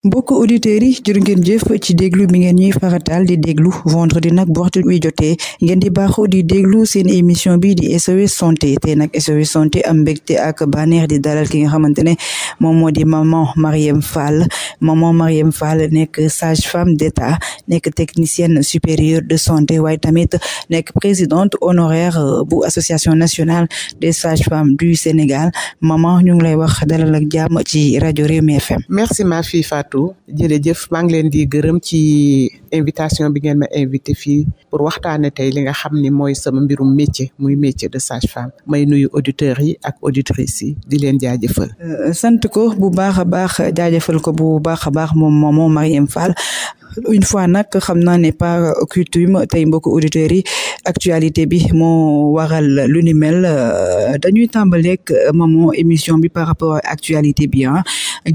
mbokk auditeurs yi jërë ngeen jëf ci déglu bi ngeen ñuy faratal di déglu vendredi nag bu waxtu wi jotee ngeen di baaxoo di déglu seen émission bi di SOS santé te nag SOS santé am mbégte ak banneex di dalal ki nga xamante ne moom moo di maman Marième Fall maman Marième Fall nekk sage femme d'état nekk technicienne supérieure de santé waaye tamit nekk présidente honoraire euh, bu association nationale des sages femme du Sénégal maman ñu ngi lay wax dalal nag jàmm ci rajo Rewmi FM. merci ma fille Fatou jërëjëf maa ngi leen di gërëm ci invitation bi ngeen ma invité fii pour waxtaane tey li nga xam ni mooy sama mbirum métier muy métier de sage-femme may nuyu auditeurs yi ak auditrices yi di leen jaajëfal. Euh, sant ko bu baax a baax jaajëfal ko bu baax a baax moom moomu Marième Fall une fois nag xam naa ne par coutume tey mbokk auditeurs yi actualité bi moo waral lu ni mel euh, dañuy tàmbaleeg euh, maman émission bi par rapport actualité bi ah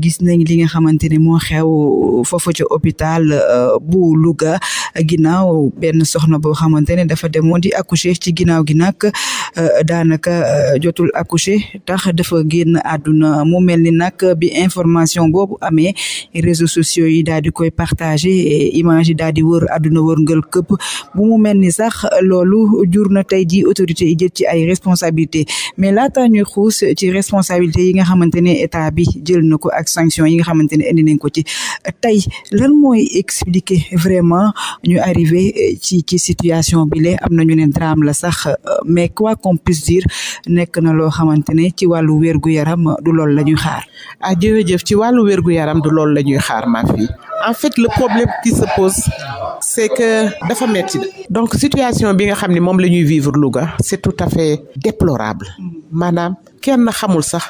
gis nañ li nga xamante ne moo xew foofu ca hôpital euh, bu Louga ginnaaw benn soxna boo xamante ne dafa demoon di accoucher ci ginnaaw gi nag daanaka jotul accoucher tax dafa génn àdduna mu mel ni nag bi information boobu amee réseaux sociaux yi daal di koy partager image yi daal di wër àdduna wërngal këpp bu mu mel ni sax loolu jur na tey ji autorité yi jël ci ay responsabilité mais laata ñuy xuus ci responsabilité yi nga xamante ne état bi jël na ko ak sanction yi nga xamante ne indi nañ ko ci tey lan mooy expliquer vraiment ñu arrivé ci ci situation bi le am nañu ne drame la sax mais quoi qu'on puisse dire nekk na loo xamante ne ci wàllu wér-gu-yaram du loolu la ñuy xaar ah jërëjëf ci wàllu wér-gu-yaram du loolu la ñuy xaar qui se pose c'est que dafa metti donc situation bi nga xam ne moom la ñuy vivre Louga c'est tout à fait déplorable maanaam kenn xamul sax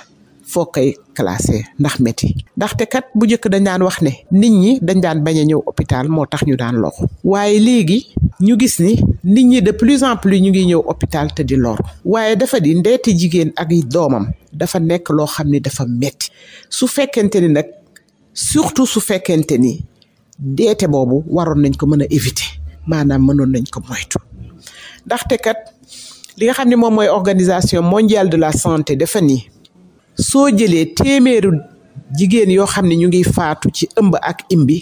foo koy classé ndax métti ndaxte kat bu njëkk dañ daan wax ne nit ñi dañ daan bañ a ñëw hôpital moo tax ñu daan loxo waaye léegi ñu gis ni nit ñi de plus en plus ñu ngi ñëw hôpital te di lor waaye dafa di ndeeti jigéen ak doomam dafa nekk loo xam ni dafa metti su fekkente ni nag surtout su fekkente ni deete boobu waroon nañ ko mën a éviter maanaam mënoon nañ ko moytu ndaxte kat li nga xam ne moom mooy organisation mondiale de la santé dafa nii soo jëlee téeméeru jigéen yoo xam ne ñu ngi faatu ci ëmb ak imbi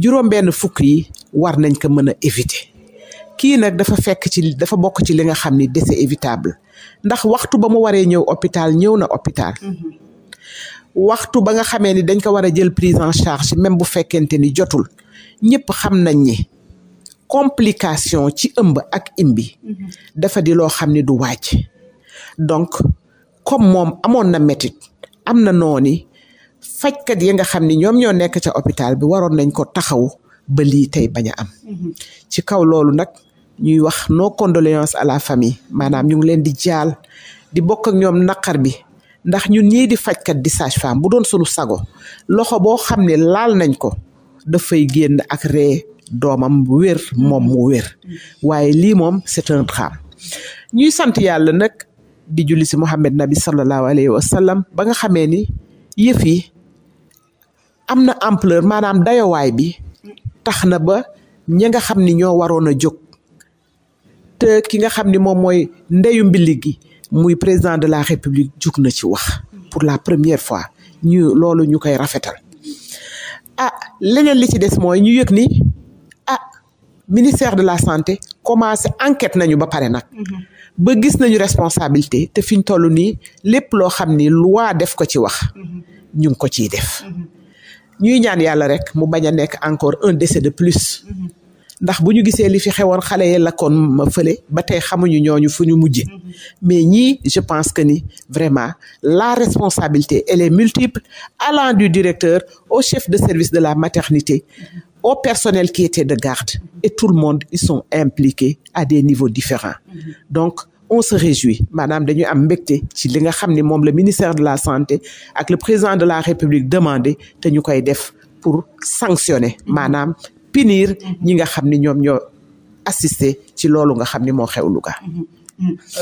juróom-benn fukk yi war nañ ko mën a éviter kii nag dafa fekk ci dafa bokk ci li nga xam ni décès évitable ndax waxtu ba mu waree ñëw hopital ñëw na hopital waxtu ba nga xamee ni dañ ko war a jël prise en charge même bu fekkente ni jotul ñëpp xam nañ ni complication ci ëmb ak imbi dafa di loo xam ni du wàcc donc comme moom amoon na métit am na nooni fajkat yi nga xam ni ñoom ñoo nekk ca hôpital bi waroon nañ ko taxaw ba lii tey bañ a am mhm. ci kaw loolu nag ñuy wax nos condoléances à la famille maanaam ñu ngi leen di jaal di bokk ak ñoom naqar bi ndax ñun ñii di fajkat di sage bu doon sunu sago loxo boo xam ne laal nañ ko dafay génn ak ree doomam wér moom mu wér waaye lii moom c'est un ñuy sant yàlla nag di julli si Mouhamed Nabi sallallahu alayhi wa sallam ba nga xamee ni yëf yi am na empleur maanaam dayowaay bi tax na ba ñi nga xam ni ñoo waroon a jóg te ki nga xam ni moom mooy ndeyu mbili gi muy président de la république jug na ci wax pour la première fois ñu loolu ñu koy rafetal ah leneen li ci des mooy ñu yëg ni ah ministère de la santé commencé enquête nañu ba pare nag mhm. ba gis nañu responsabilité te fi ñu toll nii lépp loo xam ni loi def ko ci wax mhm. ñu ngi ko ci def mhm. ñuy ñaan yàlla rek mu bañ a nekk encore un décès de plus. ndax bu ñu gisee li fi xewoon xale ya lakkoon fële ba tey xamuñu ñooñu fu ñu mujje mm-hmm. mais ñii je pense que ni vraiment la responsabilité elle les multiple allant du directeur au chef de service de la maternité mm-hmm. au personnel qui de garde et tout le monde ils sont impliqués à des niveaux différents mm-hmm. donc on se réjouit maanaam dañuy am mbégte ci li nga xam ni moom le ministère de la santé ak le président de la république demandé te koy def pour sanctionner maanaam punir ñi nga xam ni ñoom ñoo assisté ci loolu nga xam ni moo xew Louga mm-hmm.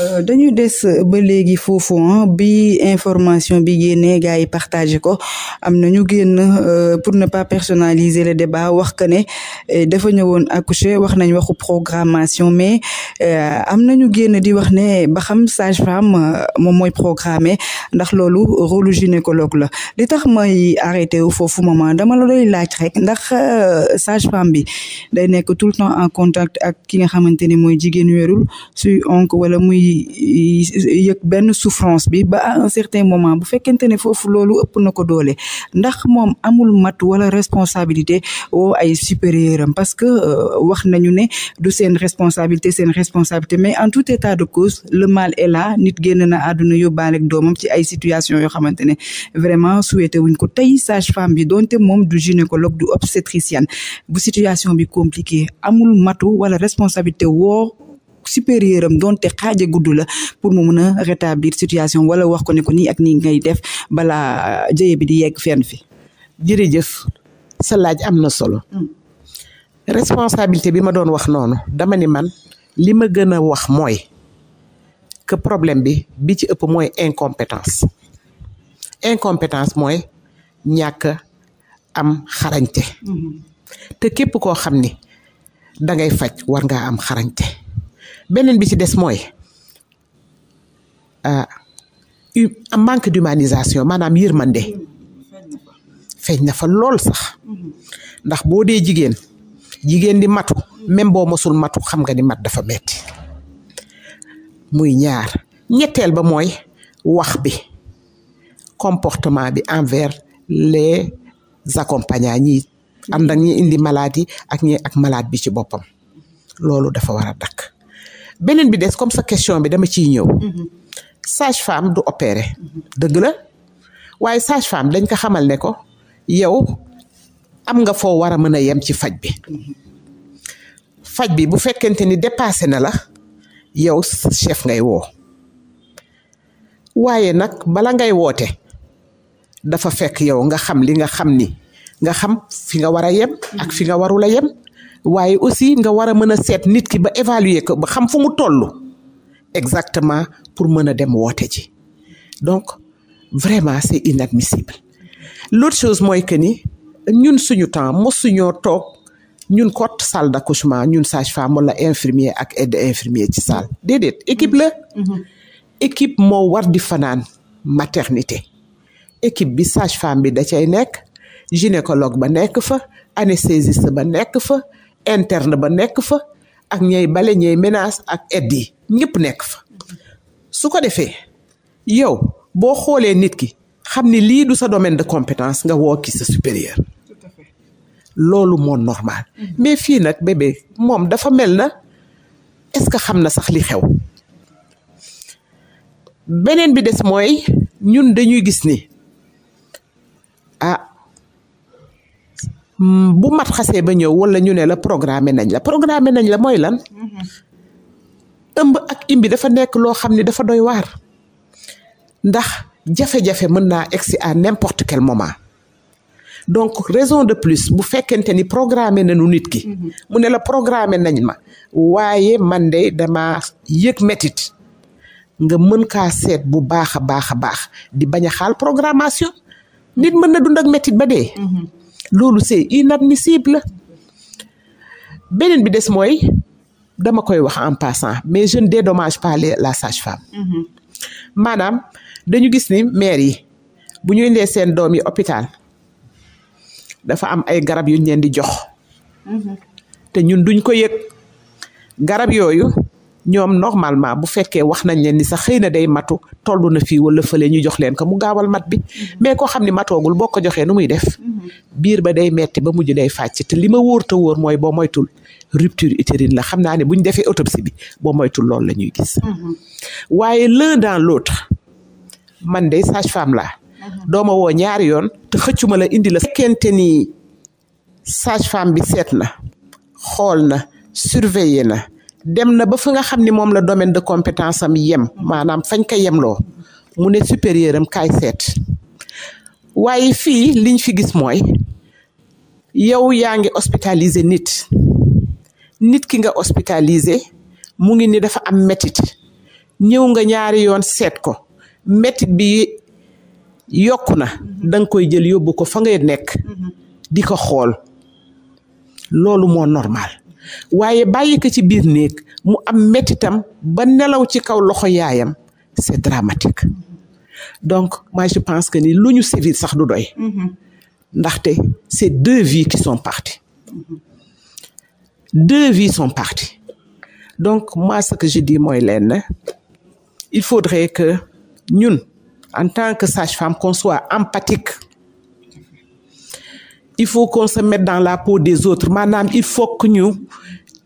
Euh, dañuy des ba léegi foofu bi information bi génnee gars yi partagé ko am na ñu génn euh, pour ne pas personnaliser le débat wax que ne eh, dafa ñëwoon accoucher wax nañ waxu programmation mais euh, am na ñu génn di wax ne ba xam sage-femme moom mooy programmer ndax loolu rôle gynécologue la li tax may arrêté wu foofu moment dama la doy laaj rek ndax sage-femme bi day nekk tout le temps en contact ak ki nga xamante ne mooy jigéen wérul su onk wala muy eh, yëg benn souffrance bi ba à un certain moment bu fekkente ne foofu loolu ëpp na ko doole ndax moom amul mat wala responsabilité woo ay supérieur am parce que euh, wax nañu ne du seen responsabilité seen responsabilité mais en tout état de cause le mal est là nit génn na àdduna yóbbaale doomam ci ay situation yoo xamante ne vraiment souhaité wuñ ko tey sage-femme bi donte moom du gynécologue du obstétricienne bu situation bi compliquée amul matu wala responsabilité woo supérieur am donte xaaja gudd la pour mu mën a rétablir situation wala wax ko ne ko nii ak nii ngay def balaa jëye bi di yegg fenn fi. jërëjëf sa laaj am na solo. Mm. responsabilité bi ma doon wax noonu dama ni man li ma gën a wax mooy que problème bi bi ci ëpp mooy incompétence incompétence mooy ñàkk am xarañte mm-hmm. te képp koo xam ni da ngay faj war ngaa am xarañte beneen bi ci des mooy euh, manque d'humanisation maanaam yërmande feeñ na fa lool sax ndax boo dee jigéen jigéen di matu même boo mosul matu xam nga ni mat dafa metti muy ñaar ñetteel ba mooy wax bi comportement bi envers les accompagnants ñi ànd ak ñi indi malade ak ñi ak malade bi ci boppam loolu dafa war a dakk beneen bi des comme sa question bi dama ciy ñëw. Mhm. sage-femme du opérer. dëgg la waaye sage-femme dañ ko xamal ne ko yow am nga foo war a mën a yem ci faj bi. faj bi bu fekkente ni dépassé na la yow chef ngay woo waaye nag bala ngay woote dafa fekk yow nga xam li nga xam ni nga xam fi nga war a yem. ak fi nga warul a yem. waaye aussi nga war a mën a seet nit ki ba évaluer ko ba xam fu mu toll exactement pour mën a dem woote ji donc vraiment c'est inadmissible l'autre chose mooy que ni ñun suñu temps mosuñoo toog ñun kot salle d'accouchement ñun sage-femme wala infirmier ak aide infirmier ci salle déedéet équipe la mm-hmm. équipe moo war di fanaan maternité équipe bi sage-femme bi da cay nekk gynécologue ba nekk fa anesthésiste ba nekk fa interne ba nekk fa ak ñay bale ñay ménage ak aide yi ñëpp nekk fa su ko defee yow boo xoolee nit ki xam ni lii du sa domaine de compétence nga woo ki sa supérieur loolu moo normal mm-hmm. mais fii nag bébé moom dafa mel na est-ce que xam na sax li xew beneen bi des mooy ñun dañuy gis ni ah, Mm, bu mat xasee ba ñëw wala ñu ne la programmé nañ la programmé nañ la mooy lan. Mm-hmm. ëmb ak imbi dafa nekk loo xam ne dafa doy waar. ndax jafe-jafe mën naa egsi à n'importe quel moment. donc raison de plus bu fekkente ni programmé nañu nit ki. Mm-hmm. mu ne la programmé nañ ma. waaye man de dama yëg métit nga mën kaa seet bu baax a baax a baax di bañ a xaal programmation. nit mën na dund ak métit ba dee. Mm-hmm. loolu c'est inadmissible beneen bi des mooy dama koy wax en passant mais je des dédommage pas les la sage-femme. Mm-hmm. maanaam dañu gis ni maire yi bu ñu indee seen doom yi hôpital dafa am ay garab yu ñu leen di jox. Mm-hmm. te ñun duñ ko yëg garab yooyu ñoom normalement bu fekkee wax nañ leen ni sax xëy na day matu toll na fii wala fële ñuy jox leen ko mu gaawal mat bi mm-hmm. mais koo xam ne matoogul boo ko joxee nu muy def mm-hmm. biir ba day metti ba mujj day fàcc te li ma wóor woor mooy boo moytul rupture utérine la xam naa ne bu ñu defee autopsie bi boo moytul loolu la ñuy gis mm-hmm. waaye l'un dans l'autre man de sage-femme laa dooma woo ñaari yoon te xëccuma la indi la fekkente ni sage-femme bi seet na xool na surveiller na dem na ba fa nga xam ni moom la domaine de compétence am yem maanaam fañ ko yemloo mu ne supérieur am kaay seet waaye fii liñ fi gis mooy yow yaa ngi hospitalisé nit nit ki nga hospitalisé mu ngi ni dafa am métit ñëw nga ñaari yoon seet ko métit bi yokku na danga koy jël yóbbu ko fa ngay nekk di ko xool loolu moo normal waaye bàyyi ko ci biir néeg mu am métitam ba nelaw ci kaw loxo yaayam c'est dramatique donc moi je pense que ni lu ñu sévir sax du doy ndaxte c'est deux vies qui sont parties deux vies sont parties donc moi ce que je mooy leen il faudrait que ñun en tant que sage-femme qu'on soit il faut qu'on se mette dans la peau des autres maanaam il faut que ñu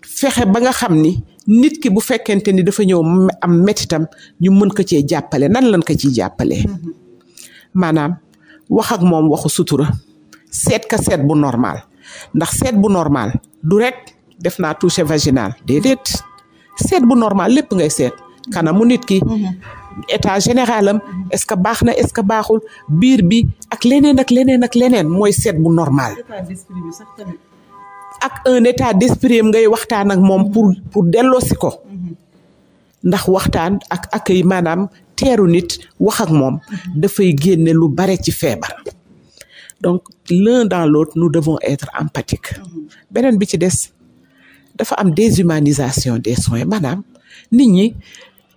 fexe ba nga xam ni nit ki bu fekkente ni dafa ñëw am métitam ñu mën ko cee jàppale nan lañ ko ciy jàppale maanaam wax ak moom waxu sutura seet ka seet bu normal ndax seet bu normal du rek def naa toucher vaginal déedéet seet bu normal lépp ngay seet kanamu nit ki. Mm-hmm. état général am est-ce que baax na est-ce que baaxul biir bi ak leneen ak leneen ak leneen mooy seet bu normal. ak un état d'esprit ngay waxtaan ak moom pour pour delloosi ko. ndax waxtaan ak accueil maanaam teeru nit wax ak moom dafay génne lu bare ci feebar. donc l'un dans l'autre nous devons être empathiques. beneen bi ci des dafa am déshumanisation des soins maanaam nit ñi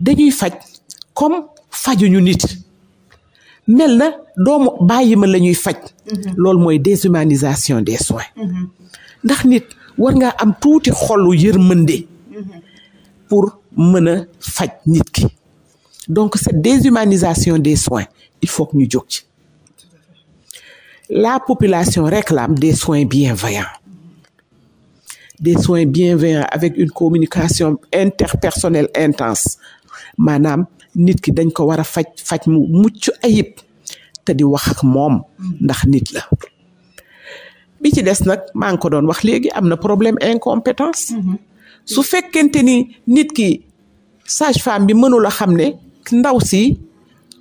dañuy faj. comme fajuñu nit mel na doomu bàyyi ma la ñuy faj. Mhm. loolu mooy déshumanisation des soins. Mhm. ndax nit war nga am tuuti xolu de mhm. pour mën a faj nit ki donc cette déshumanisation des soins il faut que ñu jóg ci. la population réclame des soins bienveillants des soins bienveillants avec une communication interpersonnelle intense maanaam nit ki dañ ko war a faj faj mu mucc ayib te di wax moom ndax nit la bi ci des nag maa ngi ko doon wax léegi am na problème incompétence mhm. su fekkente ni nit ki sage femme bi mënul xam ne ndaw si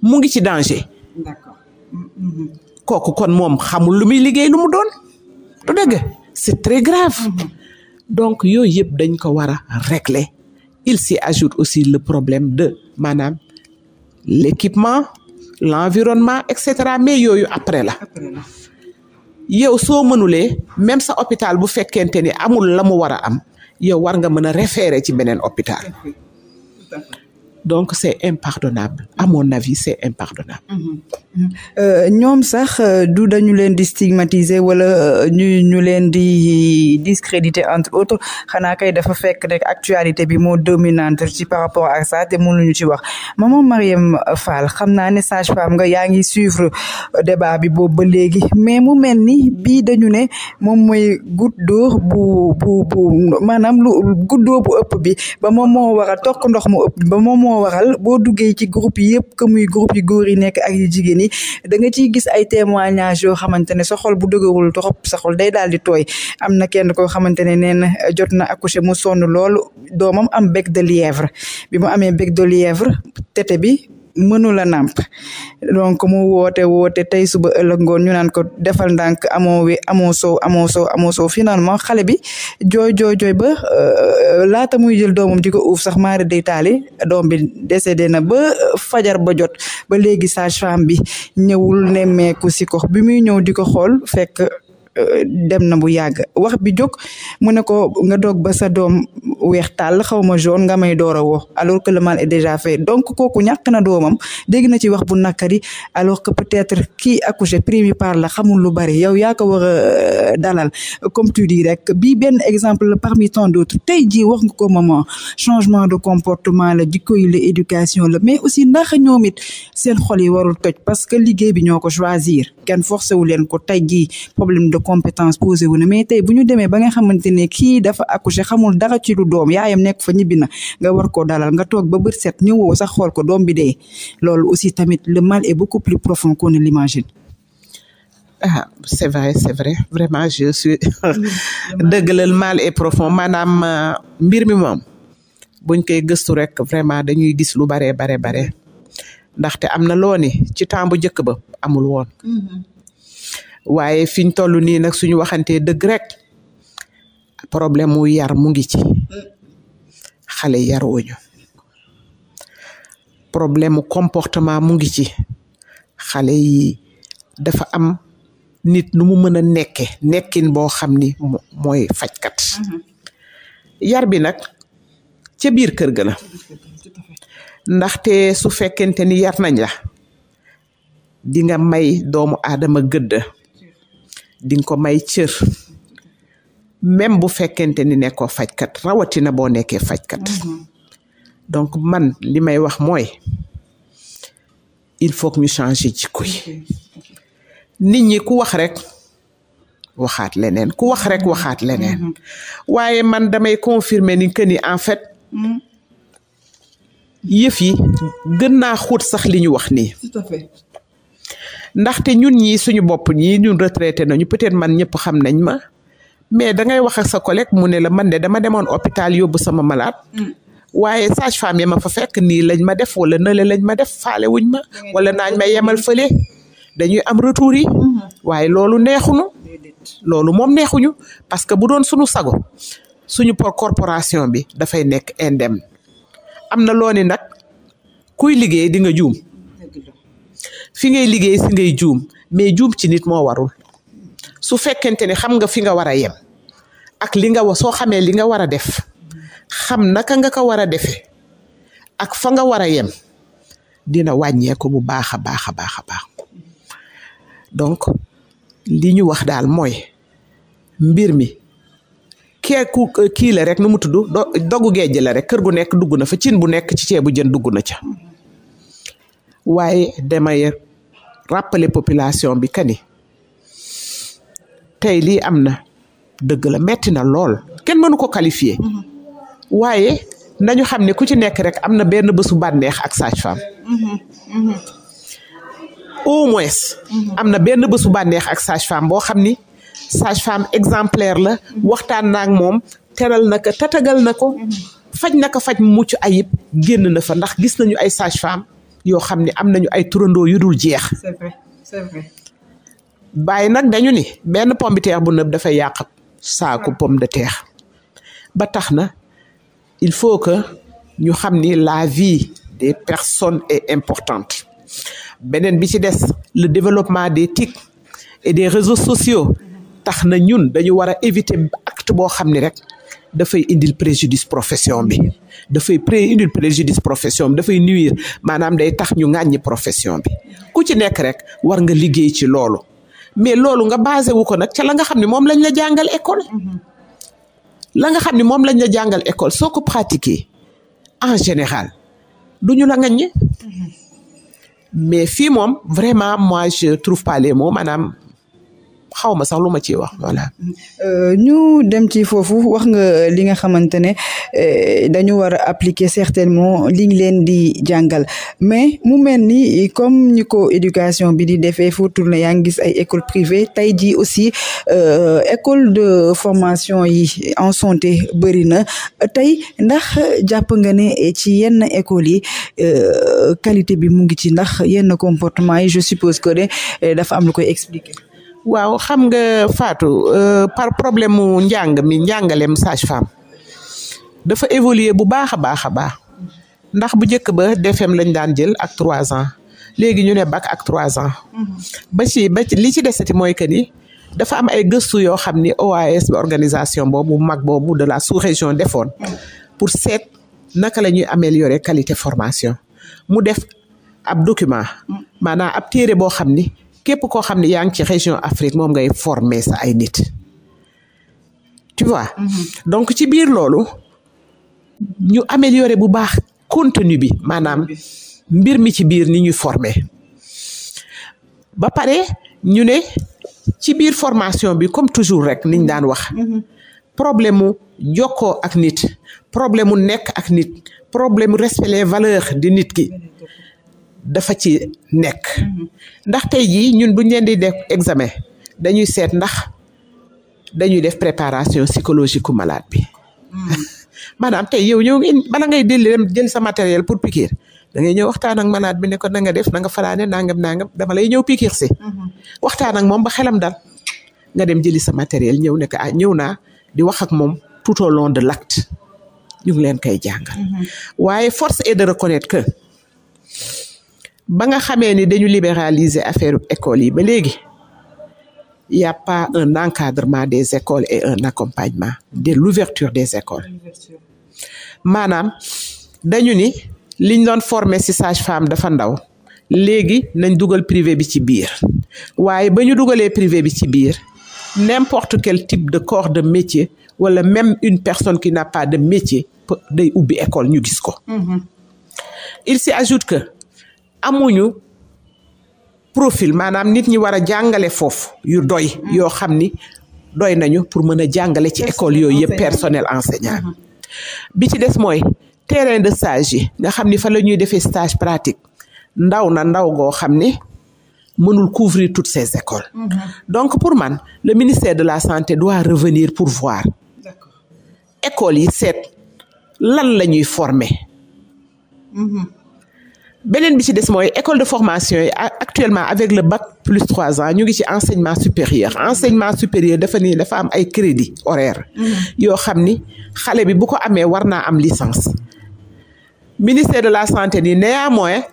mu ngi ci danger mhm. kooku kon moom xamul lu muy liggéey lu mu doon du dëgg c'est très grave mhm. donc yooyu yëpp dañ ko war a régler il s'y ajoute aussi le problème de maanaam l'équipement l'environnement et cetera mais yooyu après la yow soo mënulee même sa hôpital bu fekkente ni amul la mu war a am yow war nga mën a référer ci beneen hôpital donc c'est impardonnable à mon avis c'est impardonnable mhm. Mhm. Euh, ñoom sax euh, du dañu leen di stigmatiser wala euh, ñu ñu leen di discréditer entre autres xanaa kay dafa fekk rek actualité bi moo dominante ci par rapport ak ça te mënuñu ci wax maman Marième Fall xam na ne sage-femme nga yaa ngi suivre débat bi boobu ba léegi mais mu mel ni bii dañu ne moom mooy goutte d'eau bu bu bu maanaam lu goutte d'eau bu ëpp bi ba moom moo war a ndox mu ëpp ba moom moo moo waral boo duggee ci groupe yi yëpp que muy groupe yu góor yi nekk ak yu jigéen yi da nga ciy gis ay témoignages yoo xamante ne sa xol bu dëgërul trop sa xol day daal di tooy am na kenn koo xamante ne nee na jot na accoucher mu sonn loolu doomam am bec de lièvre bi mu amee bec de lièvre tete a nàmp donc mu woote woote tey suba ëllëg ngoon ñu naan ko defal ndànk amoo we amoo soow amoo soow amoo soow finalement xale bi jooy jooy jooy ba euh, laata muy jël doomam di ko uuf sax maari day taali doom bi décédé na ba fajar ba jot ba léegi sage bi ñëwul nemmeeku si ko bi muy ñëw di ko xool fekk dem na bu yàgg wax bi jóg mu ne ko nga doog ba sa doom weex tàll xaw ma jaune nga may door a woo alors que le mal est déjà fait donc kooku ñàkk na doomam dégg na ci wax bu nakari alors que peut-être kii accouché prévu par la xamul lu bari yow yaa ko war a euh, dalal comme tu dis rek bi benn exemple parmi tant d'autres tey jii wax nga ko maman changement de comportement la jikko yi la éducation la mais aussi ndax ñoom it seen xol yi warul toj parce que liggéey bi ñoo ko choisir kenn leen ko tey jii compétence posé wu na mais tey bu ñu demee ba nga xamante ne kii dafa accouché xamul dara ci doom yaayam nekk fa ñibbi na nga war koo dalal nga toog ba bër set ñëwoo sax xool ko doom bi dee loolu aussi tamit le mal est beaucoup plus profond qu'on ne l'imagine ah c'est vrai c'est vraiment je suis dëgg la le mal est profond maanaam euh, mbir mi moom buñ koy gëstu rek vraiment dañuy gis lu bare bare bare ndaxte am na loo ci temps bu njëkk ba amul woon mm-hmm. waaye fi ñu toll nii nag suñu waxantee dëgg rek problème mu yar mu ngi ci xale yaruñu problème mu comportement mu ngi ci xale yi dafa am nit nu mu mën a nekke nekkin boo xam ni mooy fajkat yar bi nag ca biir kër ga la ndaxte su fekkente ni yar nañ la dinga may doomu aadama gëdd di ko may cër même bu fekkente ni nekkoo fajkat rawatina boo nekkee fajkat mm-hmm. donc man li may wax mooy il faut que ñu changer jikko nit ñi ku wax rek waxaat leneen ku wax rek waxaat leneen mm-hmm. waaye man damay confirmer ni que ni en fait mm-hmm. yëf yi gën naa xóot sax li ñu wax nii. ndaxte ñun ñii suñu bopp ñii ñun retraité nañu peut-être man ñëpp xam nañ ma mais dangay wax ak sa collègue mu ne la man de dama demoon hôpital yóbbu sama malaat mm. waaye sage-femme yi fa fekk nii lañ ma def wala nële lañ ma def faale wuñ ma. Mm. wala naañ ma yemal fële. dañuy am retour yi. Mm-hmm. waaye loolu neexuñu. loolu moom neexuñu parce que bu doon suñu sago suñu corporation bi dafay nekk indem am na loo ni nag kuy liggéey di nga juum. fi ngay liggéey si ngay juum mais juum ci nit moo warul su fekkente ne xam nga fi nga war a yem ak li nga wa soo xamee li nga war a def xam naka nga ko war a defee ak fa nga war a yem dina wàññeeku bu baax a baax a baax a baax donc li ñu wax daal mooy mbir mi keeku kii la rek nu mu tudd dogu géej la rek kër gu nekk dugg na fa cin bu nekk ci ceebu jën dugg na ca waaye damay rappeler population bi kani tey lii am na dëgg la metti na lool kenn mënu ko qualifier mm-hmm. waaye nañu xam ne ku ci nekk rek am na benn bésu bànneex ak sage-femme mm-hmm. Mm-hmm. moins am na benn bésu bànneex ak sage boo xam ni sage-femme exemplaire la waxtaan naag moom teral na ko tatagal na ko faj na ko faj mucc ayib génn na fa ndax gis nañu ay sage-femme yoo xam ni am nañu ay turandoo yu dul jeex. c'est nag dañu ni benn pomme de terre bu nëb dafay yàq saaku ah. pomme de terre ba tax na il faut que ñu xam ni la vie des personnes et importante beneen bi ci des le développement des TIC et des réseaux sociaux tax na ñun dañu war a éviter acte boo xam ni rek. dafay indil préjudice profession bi dafay pré indil préjudice profession bi dafay nuire maanaam day tax ñu ngaañ ŋàññi profession bi ku ci nekk rek war nga liggéey ci loolu mais loolu nga basé wu ko nag ca la nga xam ne moom lañ la jàngal école la nga xam ne moom lañ la jàngal école soo ko pratiquer en général du ñu la ŋàññi mhm. mais fii moom vraiment mois je trouve pas les mots maanaam xaw ma sax lu ma ciy wax voilà. Euh, ñu dem ci foofu wax nga li nga xamante ne euh, dañu war a appliquer certainement liñ leen di jàngal mais mu mel ni comme ni ko éducation bi di defee foo tourné yaa ngi gis ay école privée tey jii aussi euh, école de formation yi en santé bëri na tey ndax jàpp nga ne ci yenn école yi qualité bi mu ngi ci ndax yenn comportement yi je suppose que ne dafa am lu koy expliquer. waaw xam nga Fatou euh, par problème mu njàng mi njàngaleem sage-femme dafa évoluer bu baax a baax a baax ndax bu njëkk ba DFM lañ daan jël ak trois ans léegi ñu ne bac ak trois ans. Mhm. ba ci li ci desati mooy que ni. dafa am ay gëstu yoo xam ni OAS bi organisation boobu mag boobu de la sous-région defoon pour seet naka la ñuy améliorer qualité formation mu def ab document mhm. maanaam ab téere boo xam ni képp koo xam ne yaa ngi ci région Afrique moom ngay former sa ay nit tu vois mm-hmm. donc ci biir loolu ñu améliorer bu baax contenu bi maanaam mbir mi ci biir ni ñuy former ba pare ñu ne ci biir formation bi comme toujours rek niñ daan wax mm-hmm. problème mu jokkoo ak nit problème mu nekk ak nit problème mu respect les valeurs di nit ki dafa ci nekk ndax tey jii ñun buñ leen di def examen dañuy seet ndax dañuy def préparation psychologique malade bi hmm. maanaam tey yow ñëw bala ngay delli dem jël sa matériel pour piqûre dangay ñëw waxtaan ak malade bi ne ko nga def na faraane fanaane nangam nangam dama lay ñëw piqûre si hmm. waxtaan ak moom ba xelam dal nga dem jëli sa matériel ñëw ne a ah, ñëw naa di wax ak moom tout au long de l'acte leen koy jàngal hmm. waaye force est de reconnaître ba nga xamee ni dañu libéraliser affaire école yi ba léegi y' a pas un encadrement des écoles et un accompagnement de l'ouverture des écoles maanaam dañu ni liñ doon former ci sage-femme dafa ndaw léegi nañ dugal privé bi ci biir waaye ba ñu dugalee privé bi ci biir n'importe quel type de corps de métier wala même une personne qui n'a pas de métier day ubbi école ñu gis ko. Mm-hmm. il s'y ajoute que amuñu profil maanaam nit ñi war a jàngale foofu yu doy mm-hmm. yoo xam ni doy nañu pour mën a jàngale ci école yooyu yëpp personnel enseignant mm-hmm. bi ci des mooy terrain de stage yi nga xam ni fa la ñuy defee stage pratique ndaw na ndaw goo xam ni mënul couvrir toutes ces écoles mm-hmm. donc pour man le ministère de la santé doit revenir pour voir école yi seet lan la ñuy former beneen bi ci des mooy école de formation yi actuellement avec le bac plus trois ans ñu ngi ci enseignement supérieur enseignement supérieur dafa ni dafa am ay crédit horaire mm-hmm. yoo xam ni xale bi bu ko amee war naa am licence ministère de la santé ni néanmoins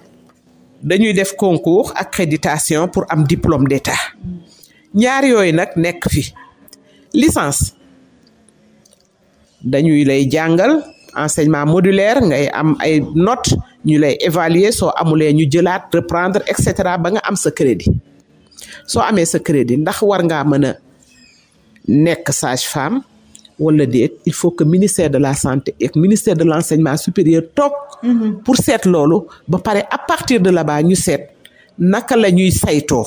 dañuy def concours accréditation pour am diplôme d'état ñaar yooyu nag nekk fi licence dañuy lay jàngal enseignement modulaire ngay am ay not ñu lay évaluer soo amulee ñu jëlaat reprendre et cetera ba nga am sa crédit soo amee sa crédit ndax war ngaa mën a nekk sage-femme wala déet il faut que ministère de la santé et ministère de l'enseignement supérieur toog. Mhm. pour seet loolu ba pare à partir de là-bas ñu seet naka la ñuy saytoo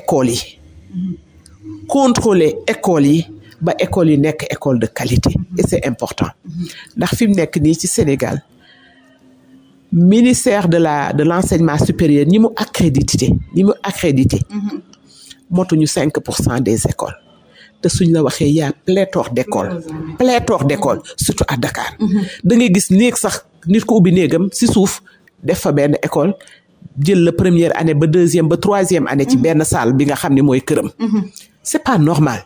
écoles yi. Mhm. contrôler écoles yi. ba école yi nekk école de qualité mhm. et c'est important ndax fi mu nekk nii ci Sénégal ministère de la de l'enseignement supérieur ñi mu accrédité ñi mu accrédité mhm. motuñu cinq pour cent des écoles te suñ la waxee y a décole d'écoles pléthore d'écoles mhm. surtout à Dakar da ngay gis néeg sax nit ko ubbi néegam si suuf def fa benn école jël la première année ba deuxième ba troisième année ci benn salle bi nga xam ni mooy këram c'est pas normal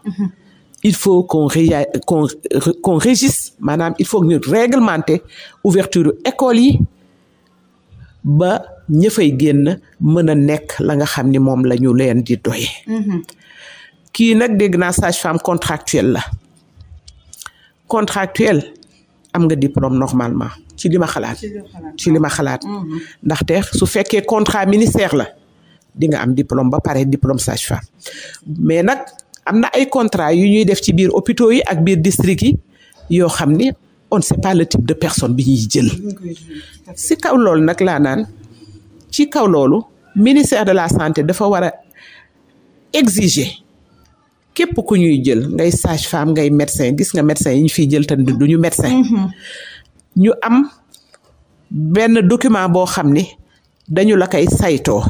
il faut qu'on réa qu'on qu'on maanaam il faut que ñu réglementer ouverture école yi ba ña fay génn mën a nekk la nga xam ni moom la ñu leen di doye mm-hmm. kii nag dégg naa sage-femme contractuelle la contractuelle am nga diplôme normalement ci li ma xalaat ci li ma xalaat mm-hmm. ndaxte su fekkee contrat ministère la di nga am diplôme ba pare diplôme sage-femme mais nag am na ay contrat yu ñuy def ci biir hôpitaux yi ak biir district yi yoo xam ni on c'est pas type de personne bi ñuy jël si kaw loolu nag laa naan ci kaw loolu ministère de la santé dafa war a exiger képp ku ñuy jël ngay sage femme ngay médecin gis nga médecin yi ñu fiy jël te ñu médecin ñu am benn document boo xam ni dañu la koy saytoo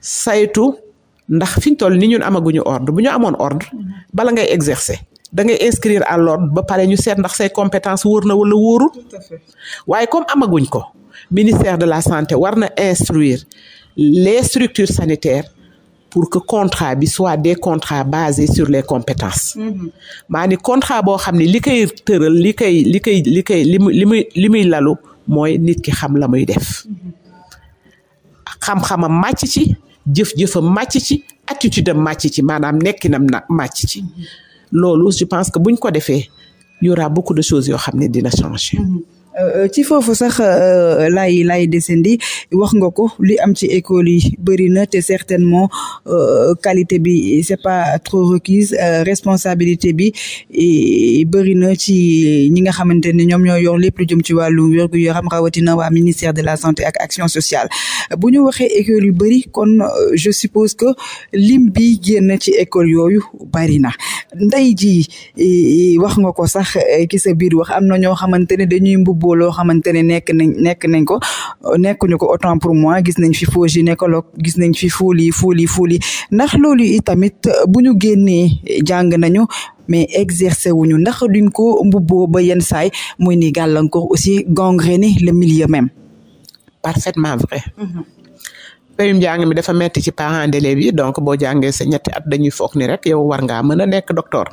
saytu ndax fi ñu toll ni ñun amaguñu ordre bu ñu amoon ordre bala ngay exercer da ngay inscrire à l'ordre ba pare ñu seet ndax say compétence wóor na wala wóorul waaye comme amaguñ ko ministère de la santé war na instruire les structures sanitaires pour que contrat bi soit des contrats basé sur les compétences mm-hmm. maa ni contrat boo xam ne li koy tëral li koy li koy li koy li mu li muy li muy lalu mooy nit ki xam la muy def mm-hmm. xam-xamam màcc ci jëf-jëfam màcc ci attitude am màcc ci maanaam nekkinam na màcc ci loolu je pense que buñ ko defee y aura beaucoup de choses yoo xam ne dina changer. Mm-hmm. Euh, ci foofu sax euh, lay lay descendi wax nga ko li am ci école yi bëri na te certainement euh, qualité bi c'est pas trop requise responsabilité bi bëri na ci ñi nga xamante ne ñoom ñoo yor lépp lu jëm ci wàllu wérgu yaram rawatina wa ministère de la santé ak action sociale bu ñu waxee école yu bëri kon je suppose que lim bi génn ci école yooyu bari na ndey ji wax nga ko sax ki sa biir wax am na ñoo xamante dañuy mbubb yóbboo loo xamante ne nekk nañ nekk nañ ko nekkuñu ko autant pour moi gis nañ fi faux gynécologue gis nañ fi folie folie folie ndax loolu tamit bu ñu génnee jàng nañu mais exercer wuñu ndax duñ ko mbubboo ba yenn saay muy ni gàllankoor aussi gangréner le milieu même parfaitement vrai payum mhm. jàng mi dafa metti ci parents d'élèves yi donc boo jàngee sa ñetti at dañuy fook ni rek yow war ngaa mën a nekk doktor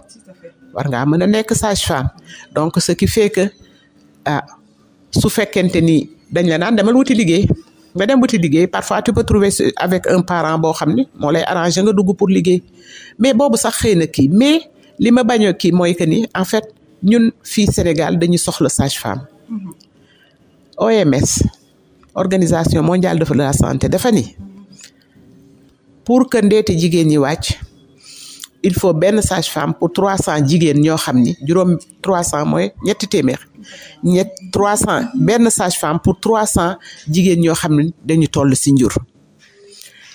war ngaa nekk sage-femme donc ce qui fait ah, su fekkente ni dañ la naan demal wuti liggéey nga dem wuti liggéey parfois tu peux trouver avec un parent boo xam ne moo lay arrangé nga dugg pour liggéey mais boobu sax xëy na kii mais li ma bañ kii mooy que ni en fait ñun fii Sénégal dañuy soxla sage-femme. OMS organisation mondiale de la santé dafa ni pour que ndeeti jigéen ñi wàcc. il faut benn sage-femme pour trois cent jigéen ñoo xam ni juróom trois cent mooy ñetti téeméer ñett trois benn sage-femme pour trois cent jigéen ñoo xam ni dañu toll si njur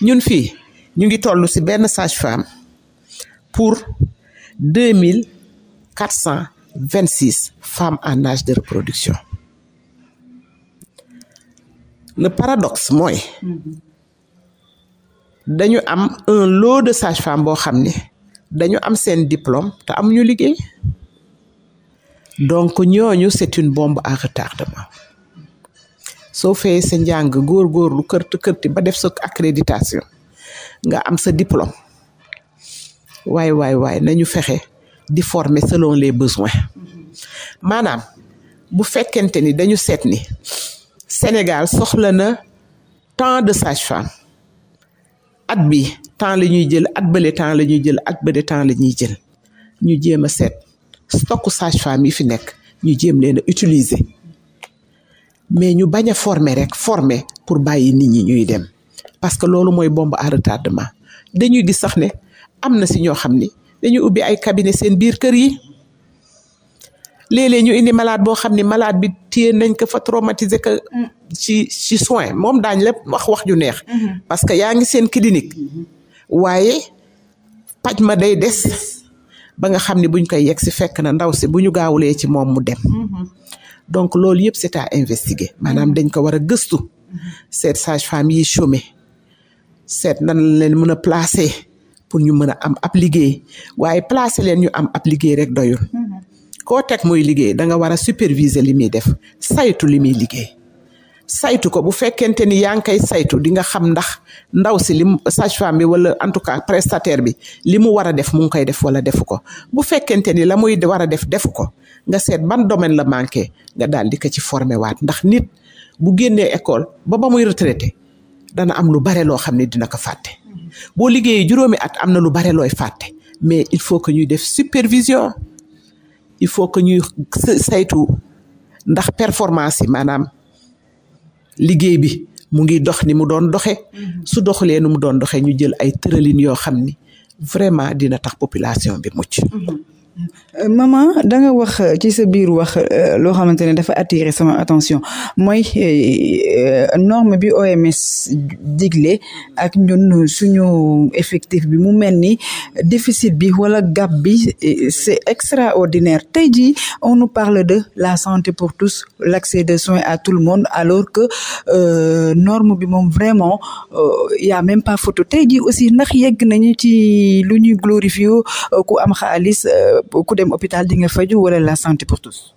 ñun fii ñu ngi toll si benn sage-femme pour deux mille quatre vingt six femmes en âge de reproduction le paradox mooy mm-hmm. dañu am un lot de sage-femme boo xam ni dañu am seen diplôme te am ñu liggéey donc ñooñu c'est bomb bombe à soo fayee sa njàng góorgóorlu kërti kërti ba def sa accréditation nga am sa diplôme waaye waay waaye nañu fexe di former selon les besoins maanaam bu fekkente ni dañu seet ni Sénégal soxla na tant de sages-femmes at bi temps la ñuy jël at bële temps la ñuy jël at bële la ñuy jël ñu jéem a seet stocku sage-femme yi fi nekk ñu jéem leen a utiliser mais ñu bañ a former rek former pour bàyyi nit ñi ñuy dem parce que loolu mooy bombe à ma dañuy gis sax ne am na si ñoo xam ni dañuy ubbi ay cabinet seen biir kër yi. léeg ñu indi malade boo xam ni malade bi téye nañ ko fa traumatiser ko mm. ci ci soin moom daañ la wax wax ju neex mm-hmm. parce que yaa ngi seen clinique mm-hmm. waaye paj ma day des ba nga xam ne buñ koy yegg si fekk na ndaw si bu ñu gaawulee ci moom mu dem mm-hmm. donc loolu yëpp c'est à maanaam dañ ko war a gëstu seet sage-femme yi chômé seet nan leen mën a placé pour ñu mën a am ab liggéey waaye placé leen ñu am ab liggéey rek doyul koo teg muy liggéey da nga war a superviser li muy def saytu li muy liggéey saytu ko bu fekkente ni yaa ngi koy saytu di nga xam ndax ndaw si li mu sage-femme bi wala en tout cas prestateur bi li mu war a def mu ngi koy def wala defu ko bu fekkente ni la muy war a def defu ko nga seet ban domaine la manqué nga daal di ko ci formé waat ndax nit bu génnee école ba ba muy retraité dana am lu bare loo xam ne dina ko fàtte mm-hmm. boo liggéeyee juróomi at am na lu bare looy fàtte mais il faut que ñuy def supervision il faut que ñuy saytu ndax performance yi maanaam liggéey bi mu ngi dox ni mu doon doxe mm-hmm. su doxulee nu mu doon doxe ñu jël ay tëralin yoo xam ni vraiment dina tax population bi mucc mm-hmm. Euh, maman da nga wax euh, ci sa biir wax euh, loo xamante ne dafa attirer sama attention mooy norme bi OMS digle ak ñun suñu effectif bi mu mel ni déficit bi wala gap bi c'est extraordinaire tey jii on nous parle de la santé pour tous l'accès de soins à tout le monde alors que euh, norme bi moom vraiment euh, y même pas photo tey jii aussi ndax yegg nañu ci lu ñuy glorifier ku am xaalis Euh, ku dem hôpital di nga faju wala la santé pour tous.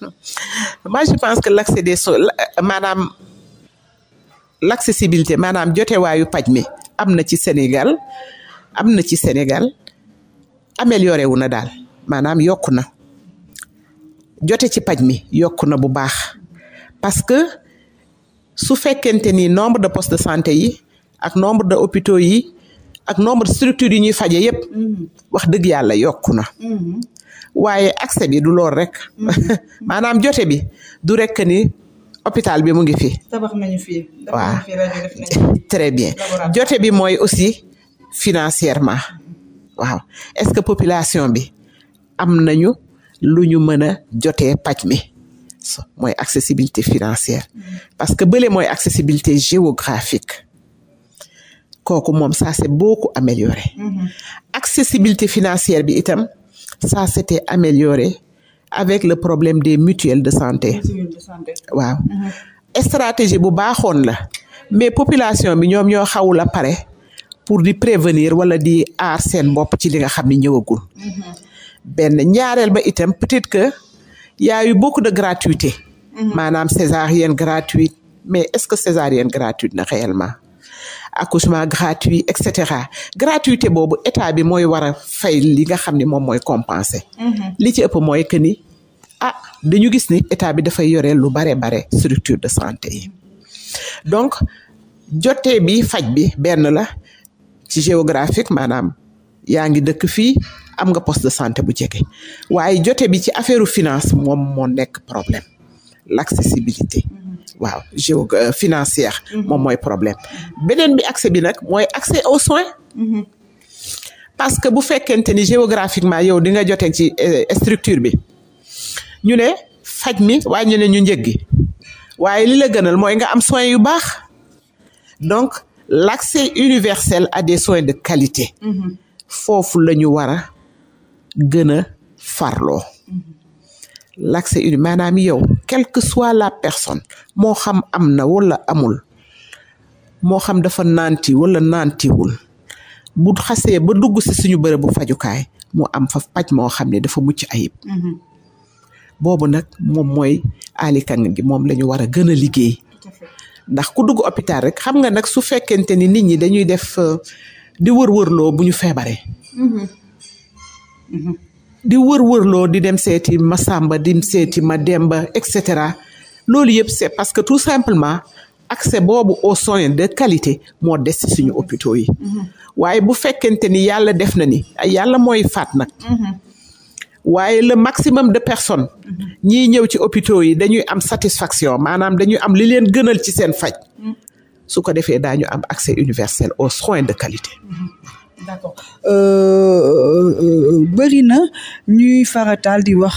je pense que l'accès des so euh, maanaam l'accessibilité maanaam jotewaayu paj mi am na ci Sénégal am na ci Sénégal amélioré wu na daal maanaam yokku na jote ci paj mi yokku na bu baax parce que su fekkente ni nombre de postes de santé yi ak nombre de hôpitaux yi. ak nombre structure yi ñuy fajee yépp mm-hmm. wax dëgg yàlla yokku na mm-hmm. waaye accès bi du lool rek mm-hmm. maanaam jote bi du rek ni hôpital bi mu ngi fi. tabax nañu fi. waaw très bien jote bi mooy aussi financièrement waaw est-ce que population bi am nañu lu ñu mën a jotee paj mi mooy accessibilité financière parce que bële mooy accessibilité géographique kooku moom ça s'est beaucoup amélioré. Mm-hmm. accessibilité financière bi itam ça s'était amélioré avec le problème des mutuelles de santé. waaw mm-hmm. stratégie bu baaxoon la mais population bi ñoom ñoo xawul a pare pour di prévenir wala di aar seen bopp ci li nga xam ne ñëwagul. Mm-hmm. benn ñaareel ba itam peut-être que y a eu beaucoup de gratuité. maanaam césarienne gratuit mais est-ce que césarienne gratuite na réellement. accouchement gratuit et cetera gratuité boobu état bi mooy war a fay li nga xam ni moom mooy compenser. Mhm. li ci ëpp mooy que ni ah dañu gis ni état bi dafay yore lu bare bare structure de santé yi donc jotee bi faj bi benn la ci géographique maanaam yaa ngi dëkk fii am nga poste de santé bu jege waaye jote bi ci affaire finance moom moo nekk problème l'accessibilité. waaw géo euh, financière. Mm-hmm. moom mooy problème beneen bi accès bi nag mooy accès au soins. Mm-hmm. parce que bu fekkente ni géographiquement yow di nga jotee ci euh, structure bi ñu ne faj mi waaye ñu ne ñu njëg gi waaye lila gënal mooy nga am soins yu baax donc l'accès universelle à des soins de qualité. Mm-hmm. foofu la ñu war a gën a farloo. l'accès unique maanaam yow quelle que soit la personne moo xam am na wala amul moo xam dafa naanti walla naantiwul bu xasee ba dugg si suñu bërëb bu fajukaay moo am fa paj moo xam ne dafa mucc ayib. Mm-hmm. boobu nag moom mooy alikang gi moom lañu ñu war a gën a liggéey. ndax ku dugg hôpital rek xam nga nag su fekkente ni nit ñi dañuy def euh, di wër-wërloo bu ñu feebaree. Mm-hmm. Mm-hmm. di wër loo di dem seeti ma sàmba di seeti ma demba et cetera loolu yëpp c'est parce que tout simplement accès boobu au soins de qualité moo des ci suñu hôpitaux yi. waaye bu fekkente ni yàlla def na ni yàlla mooy faat nag. waaye le maximum de personne ñiy ñëw ci hôpitaux yi dañuy am satisfaction maanaam dañuy am li leen gënal ci seen faj. su ko defee daañu am accès universel au soin de qualité. d'accord euh, euh, euh, bëri na ñuy farataal di wax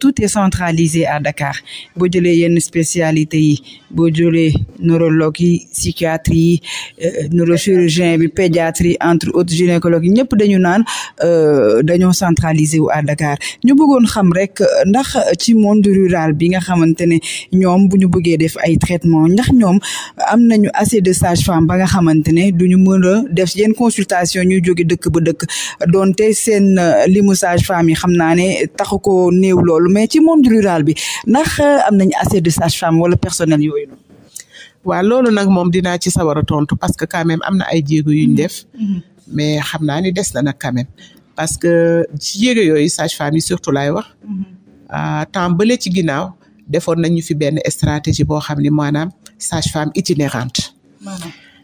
tout es centralisé à Dakar boo jëlee yenn spécialité yi boo jëlee neurologue yi psychiatre yi neurochirurgien bi pédiatrie entre autres gynécologue yi ñëpp dañu naan dañoo centralisé wu à Dakar ñu bëggoon xam rek ndax ci monde rural bi nga xamante ne ñoom bu ñu buggee def ay traitement ndax ñoom am nañu assez de sage-femme ba nga xamante ne duñu mën def yenn consultation ñuy jóge dëkk ba dëkk donte seen euh, limu sage-femme yi xam naa ne taxu ko néew loolu mais ci moom rural bi ndax euh, am nañ assez de sage-femme wala personnel yooyu noonu waaw loolu nag moom dinaa ci sawar a tontu parce que quand am na ay jéego yuñ mm-hmm. def mm-hmm. mais xam naa ni des na nag quand parce que ci jéego yooyu sage-femme yi surtout laay wax mm-hmm. ah, temps bële ci ginnaaw defoon nañu fi benn stratégie boo xam ni maanaam sage-femme itinérante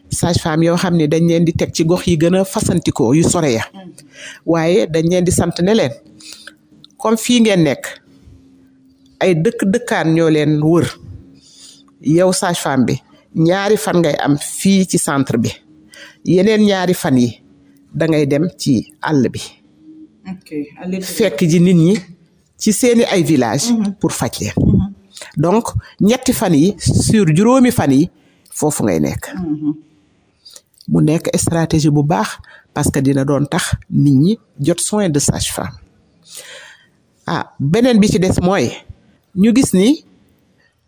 sage femme yoo xam ne dañ leen di teg ci gox yi gën a fasantikoo yu sore mm. waaye dañ leen di sant ne leen comme fii ngeen nekk ay dëkk dëkkaan ñoo leen wër yow sage bi ñaari fan ngay am fii ci centre bi yeneen ñaari fan yi da ngay dem ci àll bi. fekk ji nit ñi ci seeni ay village mm-hmm. pour faj leen. Mm-hmm. donc ñetti fan yi sur juróomi fan yi foofu ngay nekk. Mm-hmm. mu nekk stratégie bu baax parce que dina doon tax nit ñi jot soin de sage-femme ah beneen bi ci des mooy ñu gis ni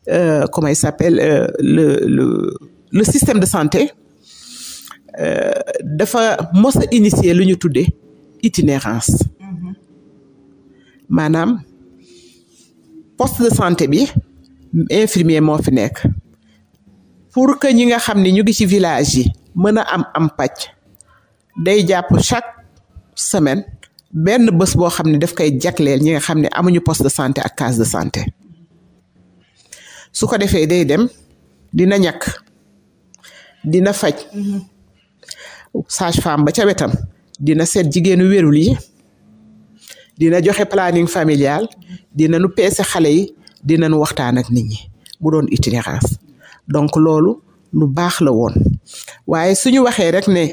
euh, comment il s'appelle euh, système de santé euh, dafa mos a lu ñu tuddee itinérance maanaam poste de santé bi infirmier moo fi nekk pour que ñi nga xam ni ñu ngi ci village yi mën a am am pàcc day jàpp chaque semaine benn bés boo xam ne daf koy jagleel ñi nga xam ne amuñu poste de santé ak case de santé su ko defee day dem dina ñàkk dina faj sage-femme ba ca wetam dina seet jigéenu wérul yi dina joxe planning familial dina nu peese xale yi dina nu waxtaan ak nit ñi bu doon itinérance donc loolu lu baax la woon waaye suñu waxee rek ne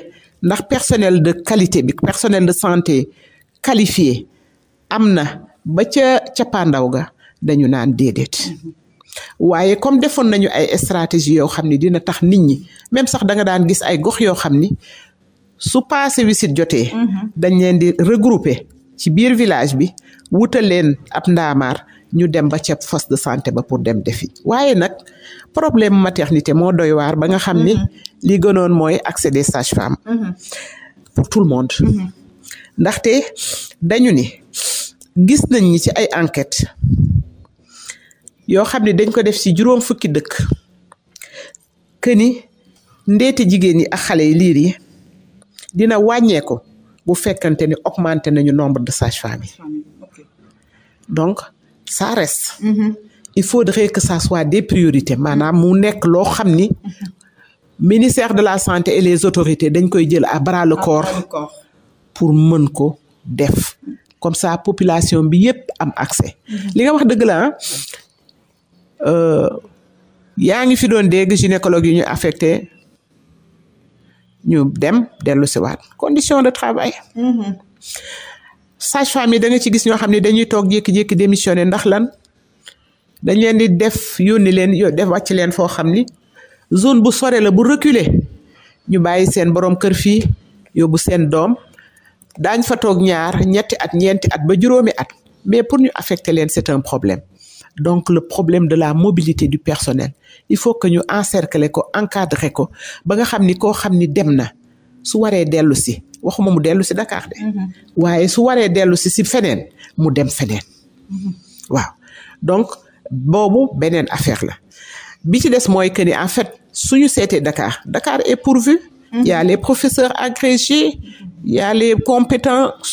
ndax personnel de qualité bi personnel de santé qualifié am na ba ca cappaandaw ga dañu naan déedéet waaye comme defoon nañu ay stratégie yoo xam ni dina tax nit ñi même sax da nga daan gis ay gox yoo xam ni su passé visite jotee. Mhm. dañ leen di regrouper ci biir village bi wutal leen ab ndaamaar. ñu dem ba ceeb poste de santé ba pour dem defi waaye nag problème maternité moo doy waar ba nga xam ni mm-hmm. li gënoon mooy accès des sages-femmes mm-hmm. pour tout le monde mm-hmm. ndaxte dañu ni gis nañ ni ci ay enquête yoo xam ne dañ ko def ci juróom fukki dëkk que ni ndeeti jigéen yi ak xale yi liir yi dina wàññeeku bu fekkante ni augmenté nañu nombre de sages-femmes yi ça reste. Mm-hmm. il faudrait que ça soit des priorités maanaam mu nekk loo xam ni. ministère de la santé et les autorités dañ koy jël à bras le corps pour mën ko def comme ça population bi yépp am accès. li nga wax dëgg la ah yaa ngi fi doon dégg gynécologue yu ñu affecté ñu dem dellu si waat condition de travail. Mm-hmm. sage femme yi da nga ci gis ñoo xam ne dañuy toog jékki-jékki démissionné ndax lan dañ leen di def yónni leen yo def wàcc leen foo xam ni zone bu soree la bu reculer ñu bàyyi seen borom kër fii yóbbu seen doom daañ fa toog ñaar ñetti at ñeenti at ba juróomi at mais pour ñu affecter leen c'est un problème donc le problème de la mobilité du personnel il faut que ñu encercler ko encadrer ko ba nga xam ni koo xam ni dem na su waree dellu si waxuma mu dellu si Dakar de. Mhm. waaye su waree dellu si si feneen mu dem feneen. Mhm. waaw donc boobu beneen affaire la bi ci des mooy que ni en fait suñu seetee Dakar Dakar est pourvu. Mhm. y a les professeurs agrégés y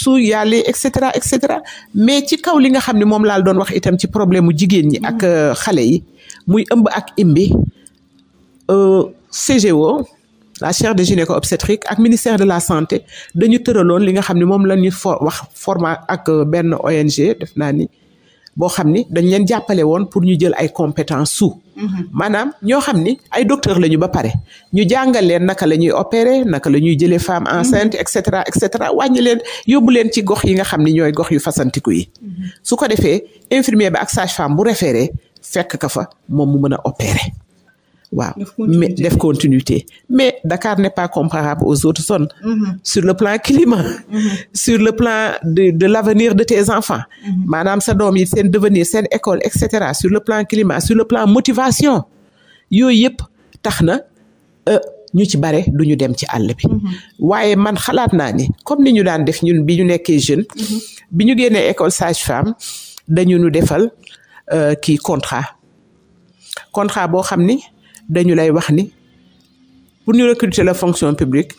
su y a les et cetera et cetera mais ci kaw li nga xam ne moom laal doon wax itam ci problème mu jigéen ñi ak euh, xale yi muy ëmb ak imbi euh, CGO. la chaire de gynéco obstétrique ak ministère de la santé dañu tëraloon li nga xam ne moom la ñu wax format ak euh, benn ONG def naa ni boo xam ni dañ leen jàppale woon pour ñu jël ay compétence su mm-hmm. maanaam ñoo xam ni ay docteur la ñu ba pare ñu jàngal leen naka la ñuy opérer naka la ñuy jëlee femme mm-hmm. enceinte et cetera et cetera wàññi leen yóbbu leen ci gox yi nga xam ni ñooy gox yu fasantiku yi mm-hmm. su ko defee infirmier bi ak sage femme bu référé fekk ka fa moom mu mën a opérer waaw mais def continuité mais Dakar n'est pas comparable aux autres zones mm-hmm. sur le plan climat mm-hmm. sur le plan de de l'avenir de tes enfants mm-hmm. maanaam sa doom yi seen devenir seen école et cetera sur le plan climat sur le plan motivation yooyu yëpp tax na euh, ñu ci bare du ñu dem ci àll bi waaye man xalaat naa ni comme ni ñu daan def ñun bi ñu nekkee jeune bi ñu génnee école sage-femme dañu nu defal euh, kii contrat contrat boo xam ni dañu lay wax ni pour ñu recruter la fonction publique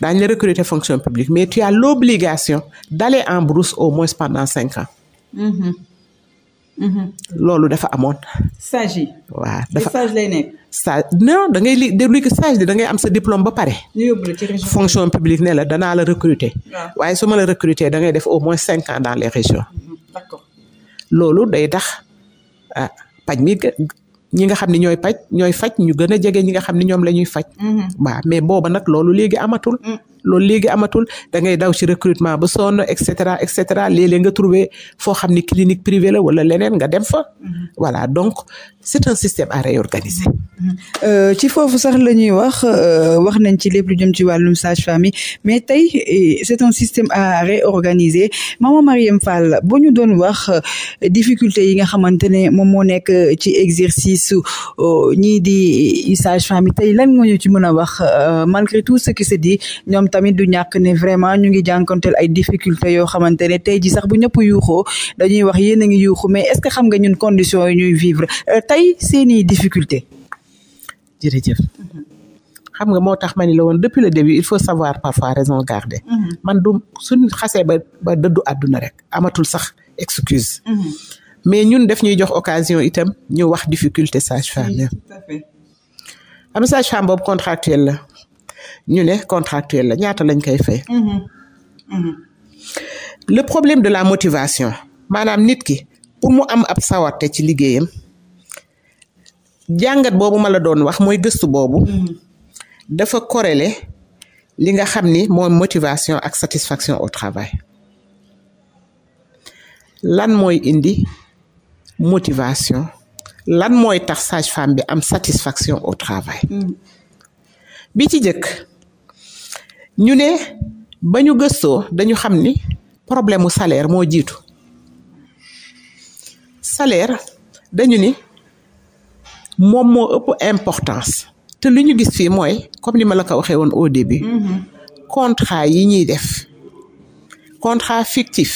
daañu la recruter fonction publique mais tu as en brousse au moins pendant cinq ans. Mm-hmm. Mm-hmm. loolu dafa amoon. stage yi. waaw dafa stage di nekk. stage li déglu ko bi da am sa diplôme ba pare. fonction publique ne la danaa la recruter. waaye su ma la recruter da ngay def au moins cinq ans dans les régions. Mm-hmm. loolu day tax ah, paj mi ñi nga xam ne ñooy paj ñooy faj ñu gën a jege ñi nga xam ne ñoom la ñuy faj. Mm-hmm. waaw mais booba nag loolu léegi amatul. Mm. loolu léegi amatul dangay ngay daw ci recrutement ba sonn et cetera et cetera léeg nga trouvé foo xam ni clinique privée la wala leneen nga dem fa. Mm-hmm. voilà donc c'est un système à réorganiser. Mm-hmm. Euh, ci foofu sax la ñuy wax euh, wax nañ ci lépp lu jëm ci wàllum sage-femme mais tey eh, c'est un système à réorganiser maman Marième Fall bu ñu doon wax euh, difficulté yi nga xamante ne moom moo nekk ci exercice ñii di sage-femme tey lan nga ñu ci mën a wax malgré tout ce qui se dit ñoom tamit du ñàkk ne vraiment ñu ngi jànkonteel ay difficultés yoo xamante ne tey ji sax bu ñëpp yuuxoo dañuy wax yéen a ngi yuuxu mais est-ce que xam nga ñun conditions yi ñuy vivre tey seeni difficulté jërëjëf xam nga moo tax ma ni la woon depuis le début il faut savoir parfois raison garder mhm. man suñ xasee ba ba dëddu àdduna rek amatul sax excuse mhm. mais ñun def ñuy jox occasion itam ñu wax difficulté sage-femme am sage-femme boobu contractuel la ñu ne contractuel la ñaata lañ koy fay mhm. le problème de la motivation maanaam nit ki pour mu am ab sawarte ci liggéeyam jàngat boobu ma la doon wax mooy gëstu boobu. Mm-hmm. dafa corrélé li nga xam ni mooy motivation ak satisfaction au travail. lan mooy indi motivation lan mooy tax sage-femme bi am satisfaction au travail. Mm-hmm. bi ci jëkk ñu ne ba ñu gëstoo dañu xam ni problème mu salaire moo jiitu salaire dañu ni. moom moo ëpp importance te li ñu gis fii mooy comme ni ma la ko waxee woon au début. contrat yi ñuy def contrat fictif.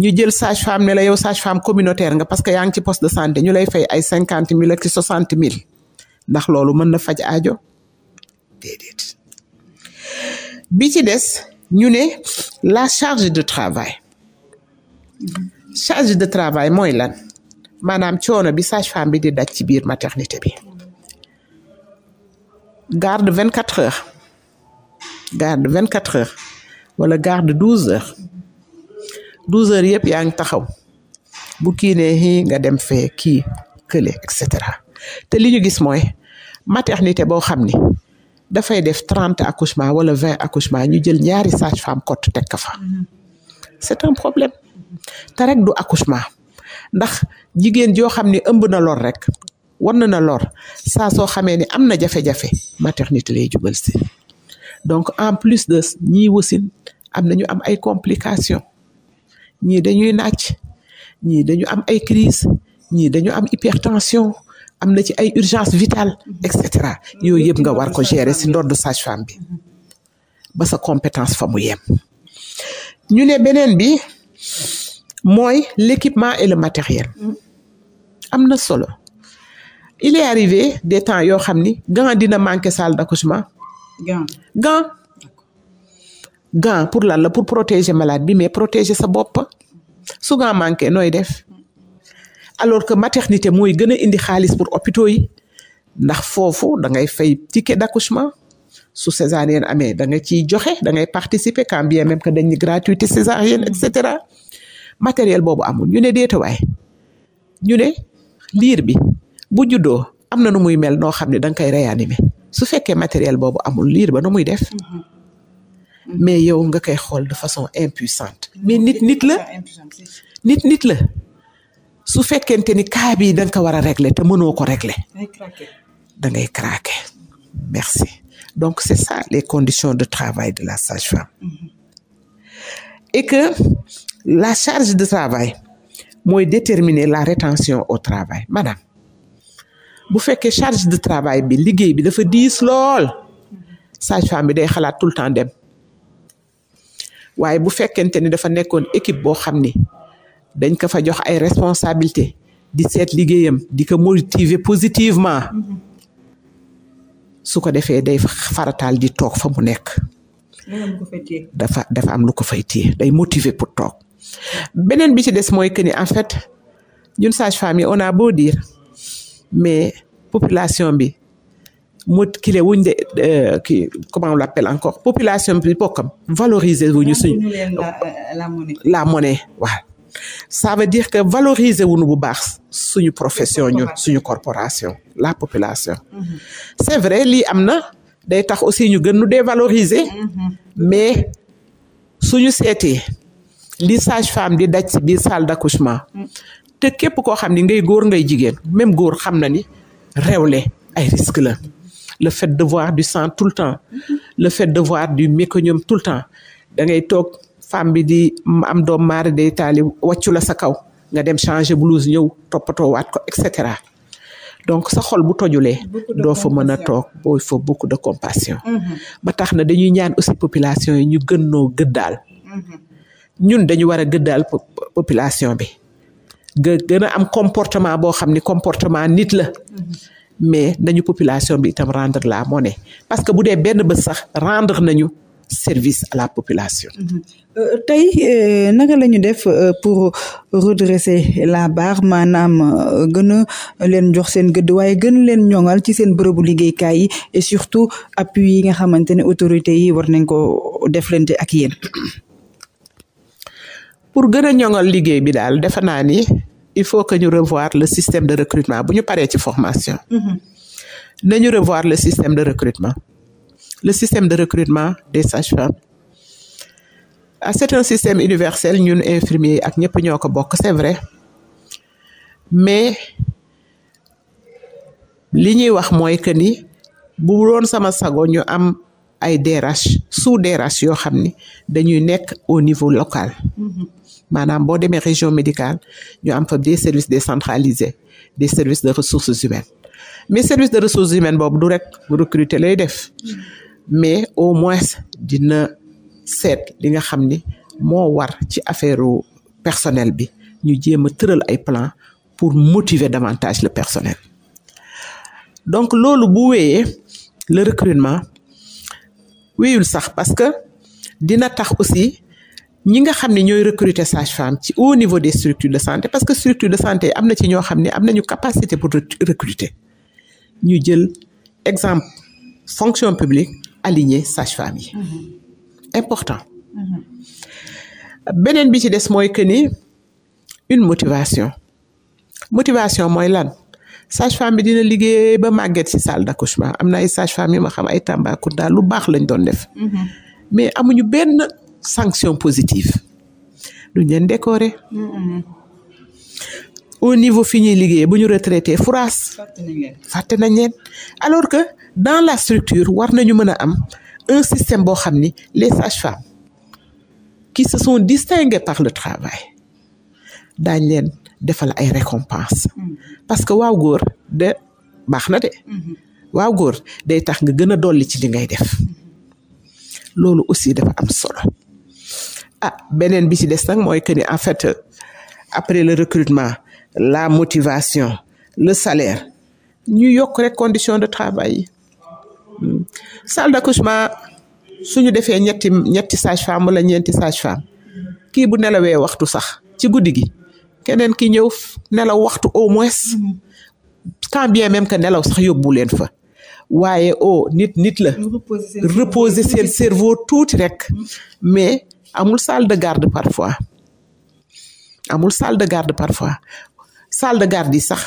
ñu jël sage femme ne la yow sage femme communautaire nga parce que yaa ngi ci poste de santé ñu lay fay ay cinquante mille ak ci soixante mille ndax loolu mën na faj ajo bi ci des ñu ne la charge de travail charge de travail mooy lan maanaam coono bi sage-femme bi di daj ci biir maternité bi garde vingt quatre heures garde vingt quatre heures wala garde douze heures douze heures yëpp yaa ngi taxaw bu kii nga dem fee kii kële et cetera te li ñu gis mooy maternité boo xam ni dafay def trente accouchement wala vingt accouchement ñu jël ñaari sage-femme kott teg ka fa c'est un problème te rek du accouchement ndax jigéen joo xam ne ëmb na lor rek wan na loor saa soo xamee ni am na jafe-jafe maternité lay jubal si donc en plus de ñii wasin am na ñu am ay complication ñii dañuy naaj ñii dañu am ay crise ñii dañu am hypertension am na ci ay urgence vitale et cetera yooyu yëpp nga war ko gérer si ndodd sage-femme bi ba sa compétence fa mu yem ñu ne beneen bi mooy l'équipement et le matériel am na solo il est arrivé des temps yoo xam ni gant dina manqué salle d'accouchement gant ga gant pour lan la pour protéger malade bi mais protéger sa bopp su gant manqué nooy def alors que maternité mooy gën a indi xaalis pour hôpitaux yi ndax foofu da ngay fay ticket d'accouchement su césarienne amee da nga ciy joxe da ngay participer quand bien même dañ dañuy gratuité césarienne et cetera. matériel boobu amul ñu ne déetawaay ñu ne liir bi bu juddoo am na nu muy mel noo xam ne da nga koy réanimer su fekkee matériel boobu amul liir ba nu muy def mm-hmm. mais yow nga koy xool de façon impuissante mm-hmm. mais nit nit la nit nit la su fekkente ni cas bii da nga ko war a régler te mënoo ko régler da ngay craquer merci donc c'est ça les conditions de travail de la sage-femme mm-hmm. et la charge de travail mooy déterminer la rétention au travail maanaam bu fekkee charge de travail bi liggéey bi dafa diis lool sage-femme bi day xalaat tout temps dem waaye bu fekkente ni dafa nekkoon équipe boo xam ni dañ ko fa jox ay responsabilité di seet liggéeyam di ko motiver positivement su ko defee day farataal di toog fa mu nekk. dafa dafa am lu ko fay téye day motiver pour toog. beneen bi ci des mooy que ni en fait ñun sage-femme yi on boo beau dire mais population bi mu kile wuñ de euh, kii comment on encore population bi bokkam valoriser wuñu suñ euh, la monnaie la waaw ça veut dire que valoriser wunu bu baax suñu profession ñun suñu corporation la population mhm. c'est vrai lii am na day tax aussi ñu gën nu dévaloriser mhm. mais suñu seetee li sage femme di daj si biir salle d'accouchement te képp koo xam ni ngay góor ngay jigéen même góor xam na ni réewle ay risque la le fait de voir du sang tout le temps le fait de voir du méconium tout le temps dangay toog femme bi di am doom maari day taali wàccu la sa kaw nga dem changé blouse ñëw toppatoo waat ko et cetera donc sa xol bu tojulee doo fa mën a toog boo fa beaucoup de compassion mhm. ba tax na dañuy ñaan aussi population yi ñu gën noo daal mhm. ñun dañu war a gëddaal population bi gën a am comportement boo xam ni comportement nit la mm-hmm. mais nañu population bi itam rendre la moone parce que bu dee benn bés sax rendre nañu service à la population. Mm-hmm. Euh, tey euh, naka lañu def euh, pour redresser la barre maanaam gën a leen jox seen gëdd waaye gën leen ñoŋal ci seen bërëbu liggéeykaay yi et surtout appui yi nga xamante ne autorités yi war nañ ko def lente ak yéen. pour gën a ñoŋal liggéey bi daal defe naa ni il faut que ñu revoir le système de recrutement bu ñu paree ci formation. Mm-hmm. nañu revoir le système de recrutement. le système de recrutement des sages-femmes ah c'est un système universel ñun infirmiers ak ñëpp ñoo ko bokk c'est vrai mais li ñuy wax mooy que ni bu doon sama sago ñu am ay DRH sous DRH yoo xam ni dañuy nekk au niveau local maanaam boo demee région médicale ñu am fa des services décentralisés des services de ressources humaines mais service de ressources humaines boobu du rek recruter lay def mais au moins dina seet li nga xam ni moo war ci affaire personnel bi ñu jéem a tëral ay plan pour motiver davantage le personnel donc loolu bu wéyee le recrutement wéyul sax parce que dina tax aussi ñi nga xam ne ñooy recruter sage-femme ci au niveau des structures de santé parce que structure de santé am na ci ñoo xam ne am nañu capacité pour recruter ñu jël exemple fonction publique aligné sage-femme yi. Mm-hmm. important. Mm-hmm. beneen bi ci des mooy que ni une motivation. motivation mooy lan. sage bi dina liggéey ba màgget ci salle d'accouchement am na ay sage femme yu ma xam ay Tambacounda lu baax lañ doon def. Mhm. mais amuñu benn sanction positive. duñ leen décorer. Mhm. au niveau fi ñuy liggéey bu ñu retraité furaas. fàtte nañ leen alors que dans la structure war nañu mën a am un système boo xam ni les sages femmes qui se sont distinguées par le travail daañ leen. defal ay récompense mm. parce que waaw góor de baax na de mm-hmm. waaw góor day tax nga gën a dolli ci li ngay def mm-hmm. loolu aussi dafa am solo ah beneen bi ci des nag mooy que ni en fait après le recrutement la motivation le salaire ñu yokk rek condition de travail yi mm. salle d'accouchement suñu defee ñetti ñetti sage-femme wala ñeenti sage-femme kii bu nelawee waxtu sax ci guddi gi keneen ki ñëw nelaw waxtu au moins quand bien même que nelaw sax yóbbu leen fa waaye o oh, nit nit la reposer seen cerveau tuuti rek mais amul salle de garde parfois amul salle de garde parfois salle de garde yi sax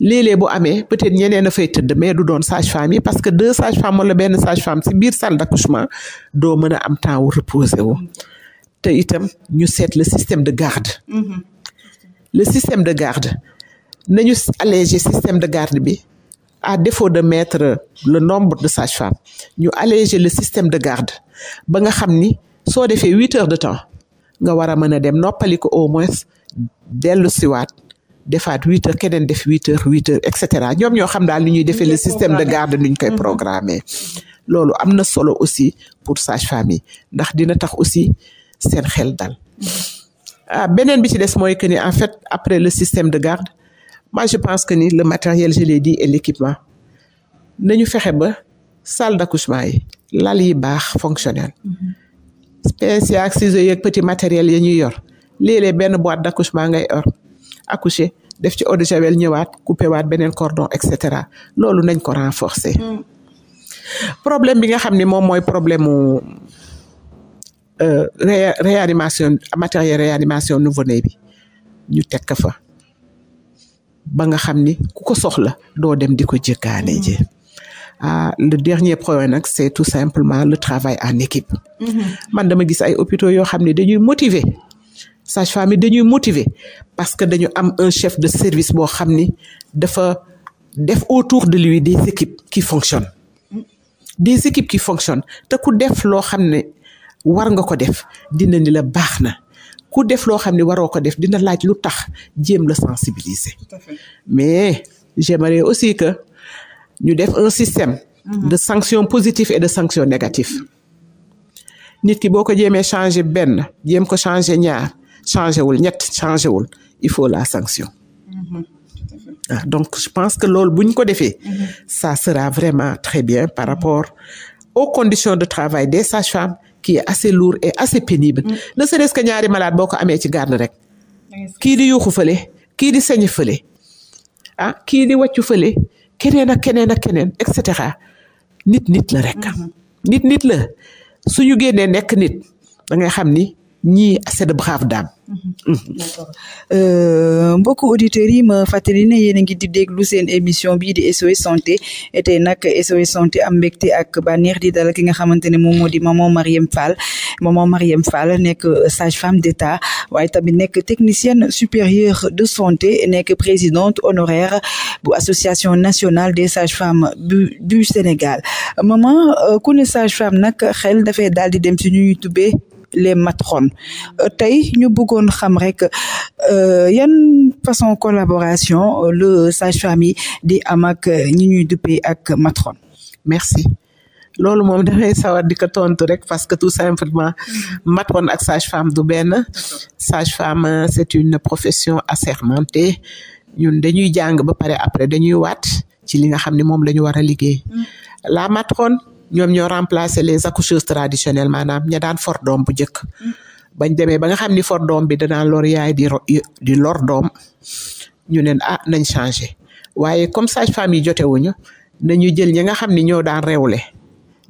léeg-léeg amee peut-être ñeneen a fay tëdd mais du doon sage-femme yi parce que deux sages-femmes wala benn sage si biir salle d'accouchement doo mën a am temps wu reposer wu mm-hmm. te itam ñu seet le système de garde. Mm-hmm. le système de garde nañu alléger système de garde bi a défaut de mettre le nombre de sages-femmes ñu alléger le système de garde ba nga xam ni soo defee huit heures de temps nga war a mën a dem noppali ko au moins dellu siwaat defaat huit heures keneen def huit heures huit heures et ñoom ñoo xam daal ni ñuy defee le système de garde ni ñu koy programmer loolu am na solo aussi pour sage-femme ndax dina tax aussi seen xel dal Ah, beneen bi ci des mooy que ni en fait après le système de garde moi je pense que ni le matériel je l'ai dit et l'équipement nañu fexe ba salle d'accouchement yi lal yi baax fonctionnel spécial ak ciseaux yeeg petit matériel ya ñuy yor léeg-léeg benn boîte d'accouchement ngay or accoucher def ci eau de javel ñëwaat couper waat beneen cordon et cetera loolu nañ ko renforcer. Mm. problème bi nga xam ne moom mooy problème mu Euh, ré réanimation matériel réanimation nouveau-né bi ñu teg ko fa ba nga xam ni ku ko soxla doo dem di ko jëkkaane ji mm-hmm. ah le dernier point nag c'est tout simplement le travail en équipe. Mm-hmm. man dama gis ay hôpitaux yoo xam ne dañuy motiver sage-femme yi dañuy motiver parce que dañu am un chef de service boo xam ni dafa def autour de lui des équipes qui fonctionnent. Mm-hmm. des équipes qui fonctionnent te def loo xam ne. war nga ko def dina ni la baax na ku def loo xam ne waroo ko def dina laaj lu tax jéem la sensibiliser. mais j'aimerais aussi que ñu def un système. Mm-hmm. de sanctions positives et de sanctions négatives. nit ki boo ko jéemee changé benn jéem ko changé ñaar changer wul ñett changé wul il faut la sanction. Mm-hmm. ah donc je pense que loolu bu ñu ko defee. Mm-hmm. ça sera vraiment très bien par rapport aux conditions de travail des sages-femmes. qui est assez lourd et assez pénible. Mm. ne serait-ce que ñaari malade boo ko amee ci garde rek. kii di yuuxu fële kii di sañu fële a ah, kii di wàccu fële keneen ak keneen ak keneen et cetera nit nit la rek. Mm-hmm. nit nit la suñu génnee nekk nit da ngay xam ni. ñii c'est de braves dames. mbokku auditeurs yi ma fàttali ne yéen a ngi di déglu seen émission bii di SOS santé tey nag SOS santé am mbégte ak bànneex di dalal ki nga xamante ne moom moo di maman Marième Fall maman Marième Fall nekk sage-femme d'État waaye tamit nekk technicienne supérieure de santé nekk présidente honoraire bu association nationale des sage femmes bu du Sénégal maman euh, ku ne sage-femme nag xel dafay daal di dem si ñuy tubee les matrones euh, tey ñu bëggoon xam rek euh, yan façon collaboration euh, le sage-femme di am ñi ñuy duppee ak matron merci loolu moom dafay sawar di tontu rek parce que tout simplement matrone ak sage-femme du benn sage-femme c'est une profession assermentée ñun dañuy jàng ba pare après dañuy waat ci li nga xam ni moom la ñu war a liggéey mm. la matrone ñoom ñoo remplacer les accoucheuses traditionnelles maanaam ña daan for doom bu njëkk. bañ demee ba nga xam ni for doom bi danaan lor yaay di di lor doom ñu ne a ah, nañ changé waaye comme sage-femme yi jote wuñu nañu jël ñi nga xam ni ñoo daan réewle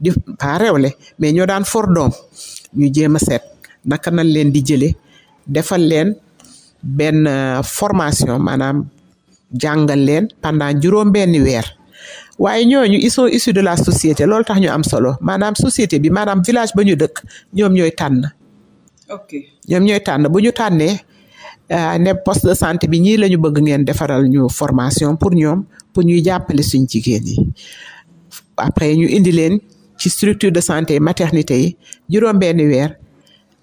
di pas réewle mais ñoo daan for doom ñu jéem a seet naka nañ leen di jëlee defal leen benn euh, formation maanaam jàngal leen pendant juróom benni weer. waaye ñooñu ils sont issus de la société loolu tax ñu am solo maanaam société bi maanaam village ba ñu dëkk ñoom ñooy tànn. ok ñoom ñooy tànn bu ñu tànnee euh, ne poste de santé bi ñii la ñu bëgg ngeen defaral ñu formation pour ñoom pour ñuy jàppale suñ jigéen yi après ñu indi leen ci structure de santé maternité yi juróom-benni weer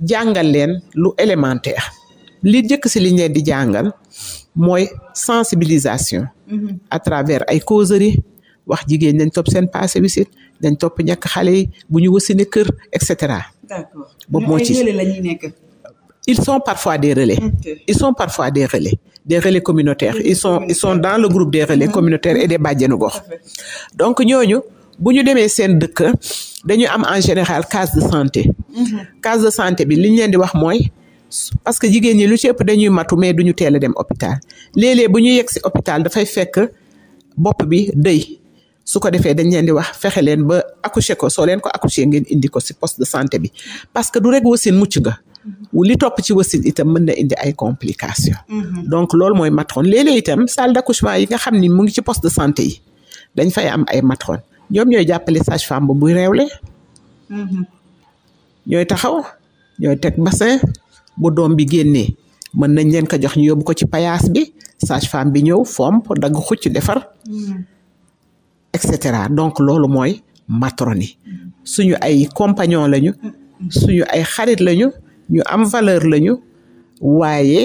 jàngal leen lu élémentaire li njëkk si liñ leen di jàngal mooy sensibilisation. Mm-hmm. à travers ay causeries. wax jigéen nañ topp seen passé wisit nañ topp ñàkk xale yi bu ñu wasine kër et cetera. d'accord boobu moo ci la ñuy nekk. ils sont parfois des relais. Okay. parfois des relais des relais communautaires ils dans le groupe des relais mhm. communautaires des bàjjenu gox. donc ñooñu bu ñu demee seen dëkk dañu am en général case de santé. Mhm. case de bi li ñu leen di wax mooy. parce que jigéen ñi lu ëpp dañuy matu mais duñu teel a dem hôpital léeg bu ñu yegg si hôpital dafay fekk bopp bi dëy su ko defee dañ leen di wax fexe leen ba accoucher ko soo leen ko accoucher ngeen indi ko si poste de santé bi parce que du rek wasin mucc nga mm-hmm. li topp ci wasin itam mën na indi ay complication mm-hmm. donc loolu mooy matron léeg-léeg itam salle d'accouchement yi nga xam ni mu ngi ci poste de yi dañ fay am ay matron ñoom ñooy jàppale sage-femme ba buy réewle. Mm-hmm. ñooy taxaw ñooy teg bassin bu doom bi génnee mën nañ leen ko jox ñu yóbbu ko ci payaas bi sage-femme bi ñëw fomp dagg xucc defar. cetera donc loolu mooy matrone suñu ay compagnon lañu suñu ay xarit lañu ñu am valeur lañu waaye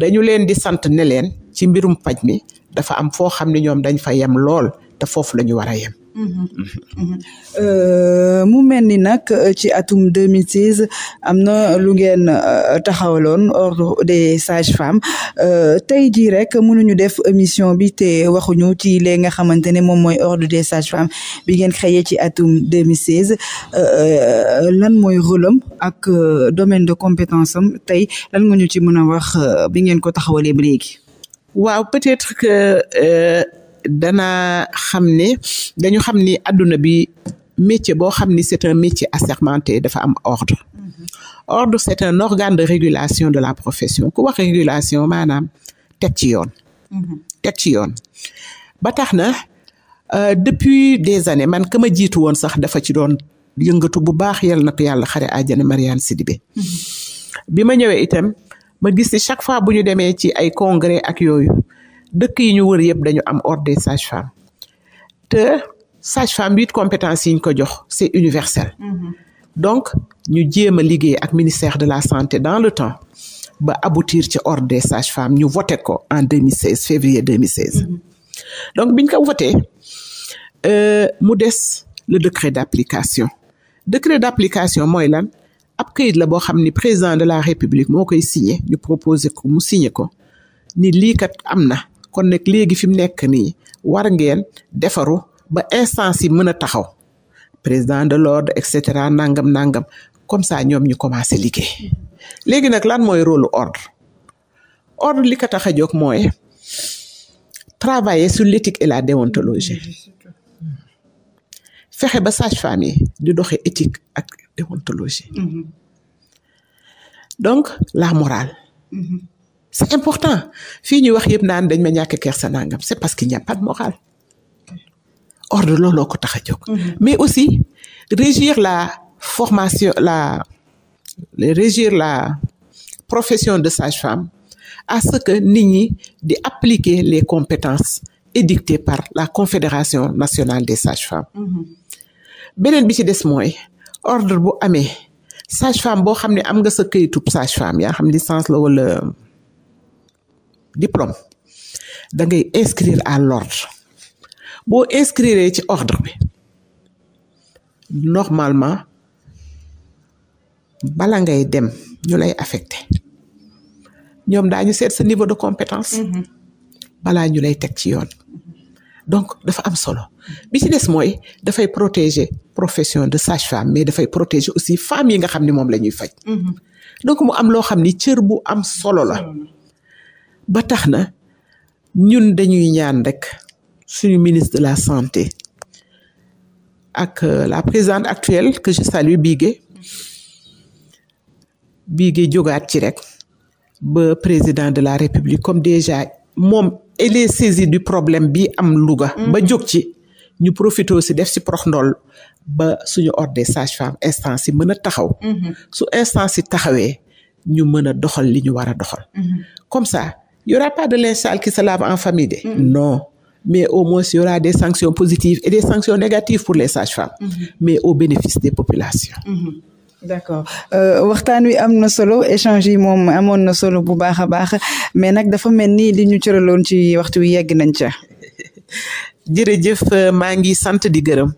dañu leen di sant ne leen ci mbirum faj mi dafa am foo xam ne ñoom dañ fa yem lool te foofu la ñu war a yem. Euh, mu mel ni nag euh, ci atum 2006 am na lu ngeen euh, taxawaloon ordre des sages-femmes tey jii rek mënuñu def émission bi te waxuñu ci li nga xamante ne moom mooy ordre des sages-femmes bi ngeen xëyee ci atum 2016 lan mooy rôle ak domaine de compétence am tey lan nga ñu ci mën a wax bi ngeen ko taxawalee ba léegi. waaw peut-être que. dana xam ne dañu xam ni àdduna bi métier boo xam ni c'est un métier assermenté dafa am ordre mm-hmm. ordre c'est un organe de régulation de la profession ku wax régulation maanaam teg ci yoon mm-hmm. teg ci yoon ba tax na euh, depuis des années man kama jiitu woon sax dafa ci doon yëngatu bu baax yal na ko yàlla xare àjjana Marianne Sidibé mm-hmm. bi ma ñëwee itam ma gis chaque fois bu demee ci ay congrès ak yooyu dëkk yi ñu wër yëpp dañu am ordre des sages-femmes te sage-femme bi it compétence yi ñu ko jox c'est universel mm-hmm. donc ñu jéem a liggéey ak ministère de la santé dans le temps ba aboutir ci ordre des sages ñu voté ko en 2016 février 2016 mm-hmm. donc biñ ko voté euh, mu des le décret d'application décret d'application mooy lan ab këyit la boo xam ni président de la république moo koy signé ñu proposé ko mu signé ko ni lii kat am na kon nag léegi fi mu nekk nii war ngeen defaru ba instance yi mën a taxaw président de l'ordre et nangam nangam comme ça ñoom ñu commencé liggéey léegi nag lan mooy rôle ordre ordre li ko tax a jóg mooy travailler sur l'éthique et la déontologie fexe ba sage-femme yi di doxe éthique ak déontologie mm-hmm. donc la morale. Mm-hmm. c'est important fii ñuy wax yëpp naan dañ ma ñàkk kersa nangam c'est parce qu'il n'y a pas de morale ko tax a jóg. Mm-hmm. mais aussi régir la formation la régir la profession de sage-femme à ce que nit ñi di appliquer les compétences édictées par la confédération nationale des sages-femmes. Mm-hmm. beneen bi ci des mooy ordre bu amee sage-femme boo xam ne am nga sa këyitub sage yaa xam licence la wala. diplôme dangay ngay inscrire à l'ordre boo inscrire ci ordre bi normalement bala ngay dem ñu lay affecté ñoom daañu seet sa niveau de compétence. Mm-hmm. balaa ñu lay teg ci yoon. donc dafa am solo bi ci des mooy dafay protéger profession de sage-femme mais dafay protéger aussi femmes yi nga xam ni moom la ñuy faj. Mm-hmm. donc mu am loo xam ni cër bu am solo la. Mm-hmm. ba tax na ñun dañuy ñaan rek suñu ministre de la santé ak euh, la présidente actuelle que je salue Bigue Bigue jógaat ci rek ba président de la république comme déjà moom elle est saisie du problème bi am Louga. Mm-hmm. ba jóg ci ñu profité si def si prox ndool ba suñu ordre des sages-femmes instance yi mën a taxaw. Mm-hmm. su instance yi taxawee ñu mën a doxal li ñu war a doxal. Mm-hmm. comme ça. y aura pas de linge sale qui se lave en famille de. Mm-hmm. non mais au moins il y des sanctions positives et des sanctions négatives pour les sages-femmes. Mm-hmm. mais au bénéfice des populations. Mm-hmm. d'accord euh, waxtaan wi am na solo échange yi moom amoon na solo bu baax a baax mais nag dafa mel ni li ñu cëraloon ci waxtu wi yegg nañ ca. jërëjëf maa ngi sant di gërëm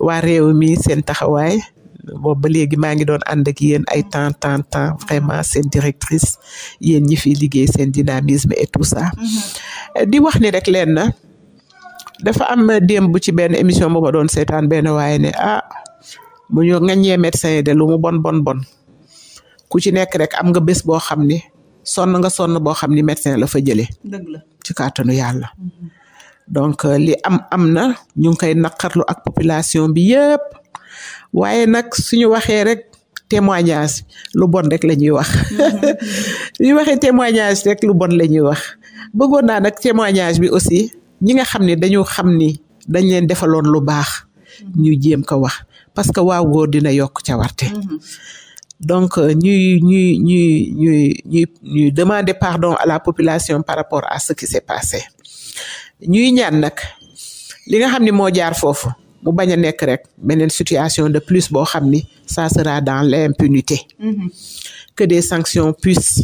waa réew mi seen taxawaay. boobu ba léegi maa ngi doon ànd ak yéen ay temps temps temps vraiment seen directrice yéen ñi fiy liggéey seen dynamisme et tout ça. Mm-hmm. di wax ni rek leen na dafa am démb ci benn émission bu ma doon seetaan benn waaye ne a ah, bu ñu ŋaññee médecin yi de mu bon bon bon ku ci nekk rek am nga bés boo xam ni sonn nga sonn boo xam ni médecin la fa jëlee. dëgg la ci kàttanu yàlla. Mm-hmm. donc li am am na ñu ngi koy ak population bi yëpp. waaye nag ñu waxee rek témoignage lu bon rek la ñuy wax mm-hmm. suñu waxee témoignage rek lu bon la ñuy wax bëggoon naa nag témoignage bi aussi ñi nga xam ne dañu xam ni dañ leen defaloon lu baax ñuy jéem ko wax parce que waaw góor dina yokk cawarte mm-hmm. donc euh, ñuy ñuy ñuy ñuy ñuy ñuy demander pardon à la population par rapport à ce qui s'est passé ñuy ñaan nag li nga xam ni moo jaar foofu mu bañ a nekk rek beneen situation de plus boo xam ni ça sera dans l'impunité mmh. que des sanctions puissent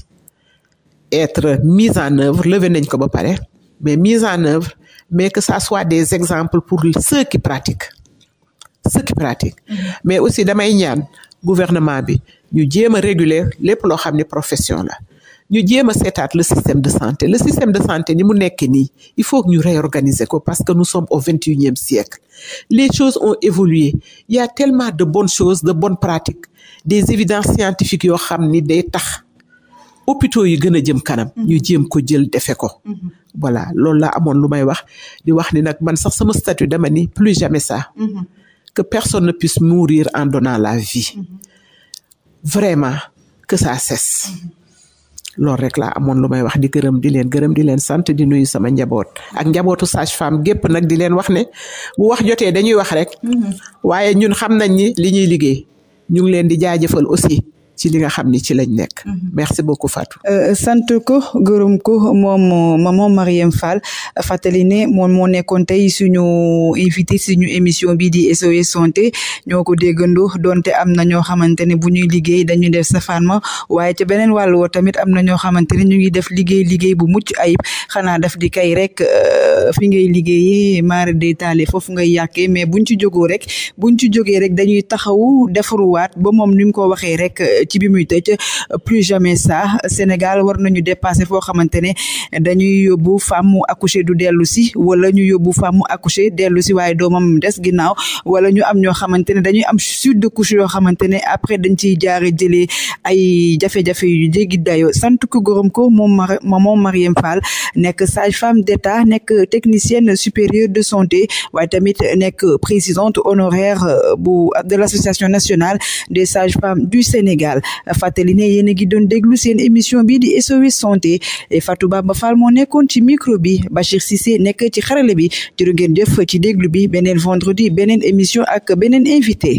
être mises en œuvre levé nañ ko ba pare mais mise en œuvre mais que ça soit des exemples pour ceux qui pratiquent ceux qui pratiquent mhm. mais aussi damay ñaan gouvernement bi ñu jéem a réguler lépp loo xam ni profession la ñu jéem a seetaat le système de santé le système de santé ni mu nekk nii il faut que ñu réorganiser ko parce que nous sommes au vingt et unième siècle les choses ont évolué il tellement de bonnes choses de bonnes pratiques des évidences scientifiques yoo xam ni day tax hôpitaux yi gën a jëm kanam. Mm-hmm. ñu jéem ko jël defe ko. Mm-hmm. voilà loolu la amoon lu may wax di wax ni nag man sax sama statut dama ni plus jamais ça. Mm-hmm. que personne ne puisse mourir en donnant la vie. vraiment que ça loolu rek laa amoon lu may wax di gërëm di leen gërëm di leen sant di nuyu sama njaboot ak njabootu sage femme gépp nag di leen wax ne bu wax jotee dañuy wax rek mm-hmm. waaye ñun xam nañ ni li ñuy liggéey ñu ngi leen di jëfal aussi ci li nga xam ni ci lañ nekk. Mhm. merci beaucoup Fatou. Euh, sant ko gërëm ko moom maman Marième Fall fàttali ne moom moo nekkoon tey suñu invité suñu émission bi di SOS santé ñoo ko déggandoo donte am na ñoo xamante ne bu ñuy liggéey dañuy def safaan ma waaye ca beneen wàll woo tamit am na ñoo xamante ne ñu ngi def liggéey liggéey bu mucc ayib xanaa daf di kay rek euh, fi ngay liggéeyee mare de taale foofu ngay yàqee mais buñ ci rek buñ ci rek dañuy taxaw defaruwaat ba moom ni mu ci bi muy tëj plus jamais ça Sénégal war nañu dépasser foo xamante ne dañuy yóbbu femme mu accoucher du dellu si wala ñu yóbbu femme mu accoucher dellu si waaye doomam des ginnaaw wala ñu am ñoo xamante ne dañuy am suite de couche yoo xamante ne après dañ ciy jaare jëlee ay jafe-jafe yu jéggi dayoo sant ko gërëm ko moom maman Marième nekk sage-femme d'État nekk technicienne supérieure de santé waaye tamit nekk présidente honoraire euh, bu de l'association nationale des sage femmes du Sénégal Sénégal fàttali ne yéen a ngi doon déglu seen émission bi di SOS santé Fatou Baba Fall moo nekkoon ci micro bi Bachir Cissé nekk ci xarale bi jërë ngeen jëf ci déglu bi beneen vendredi beneen émission ak beneen invité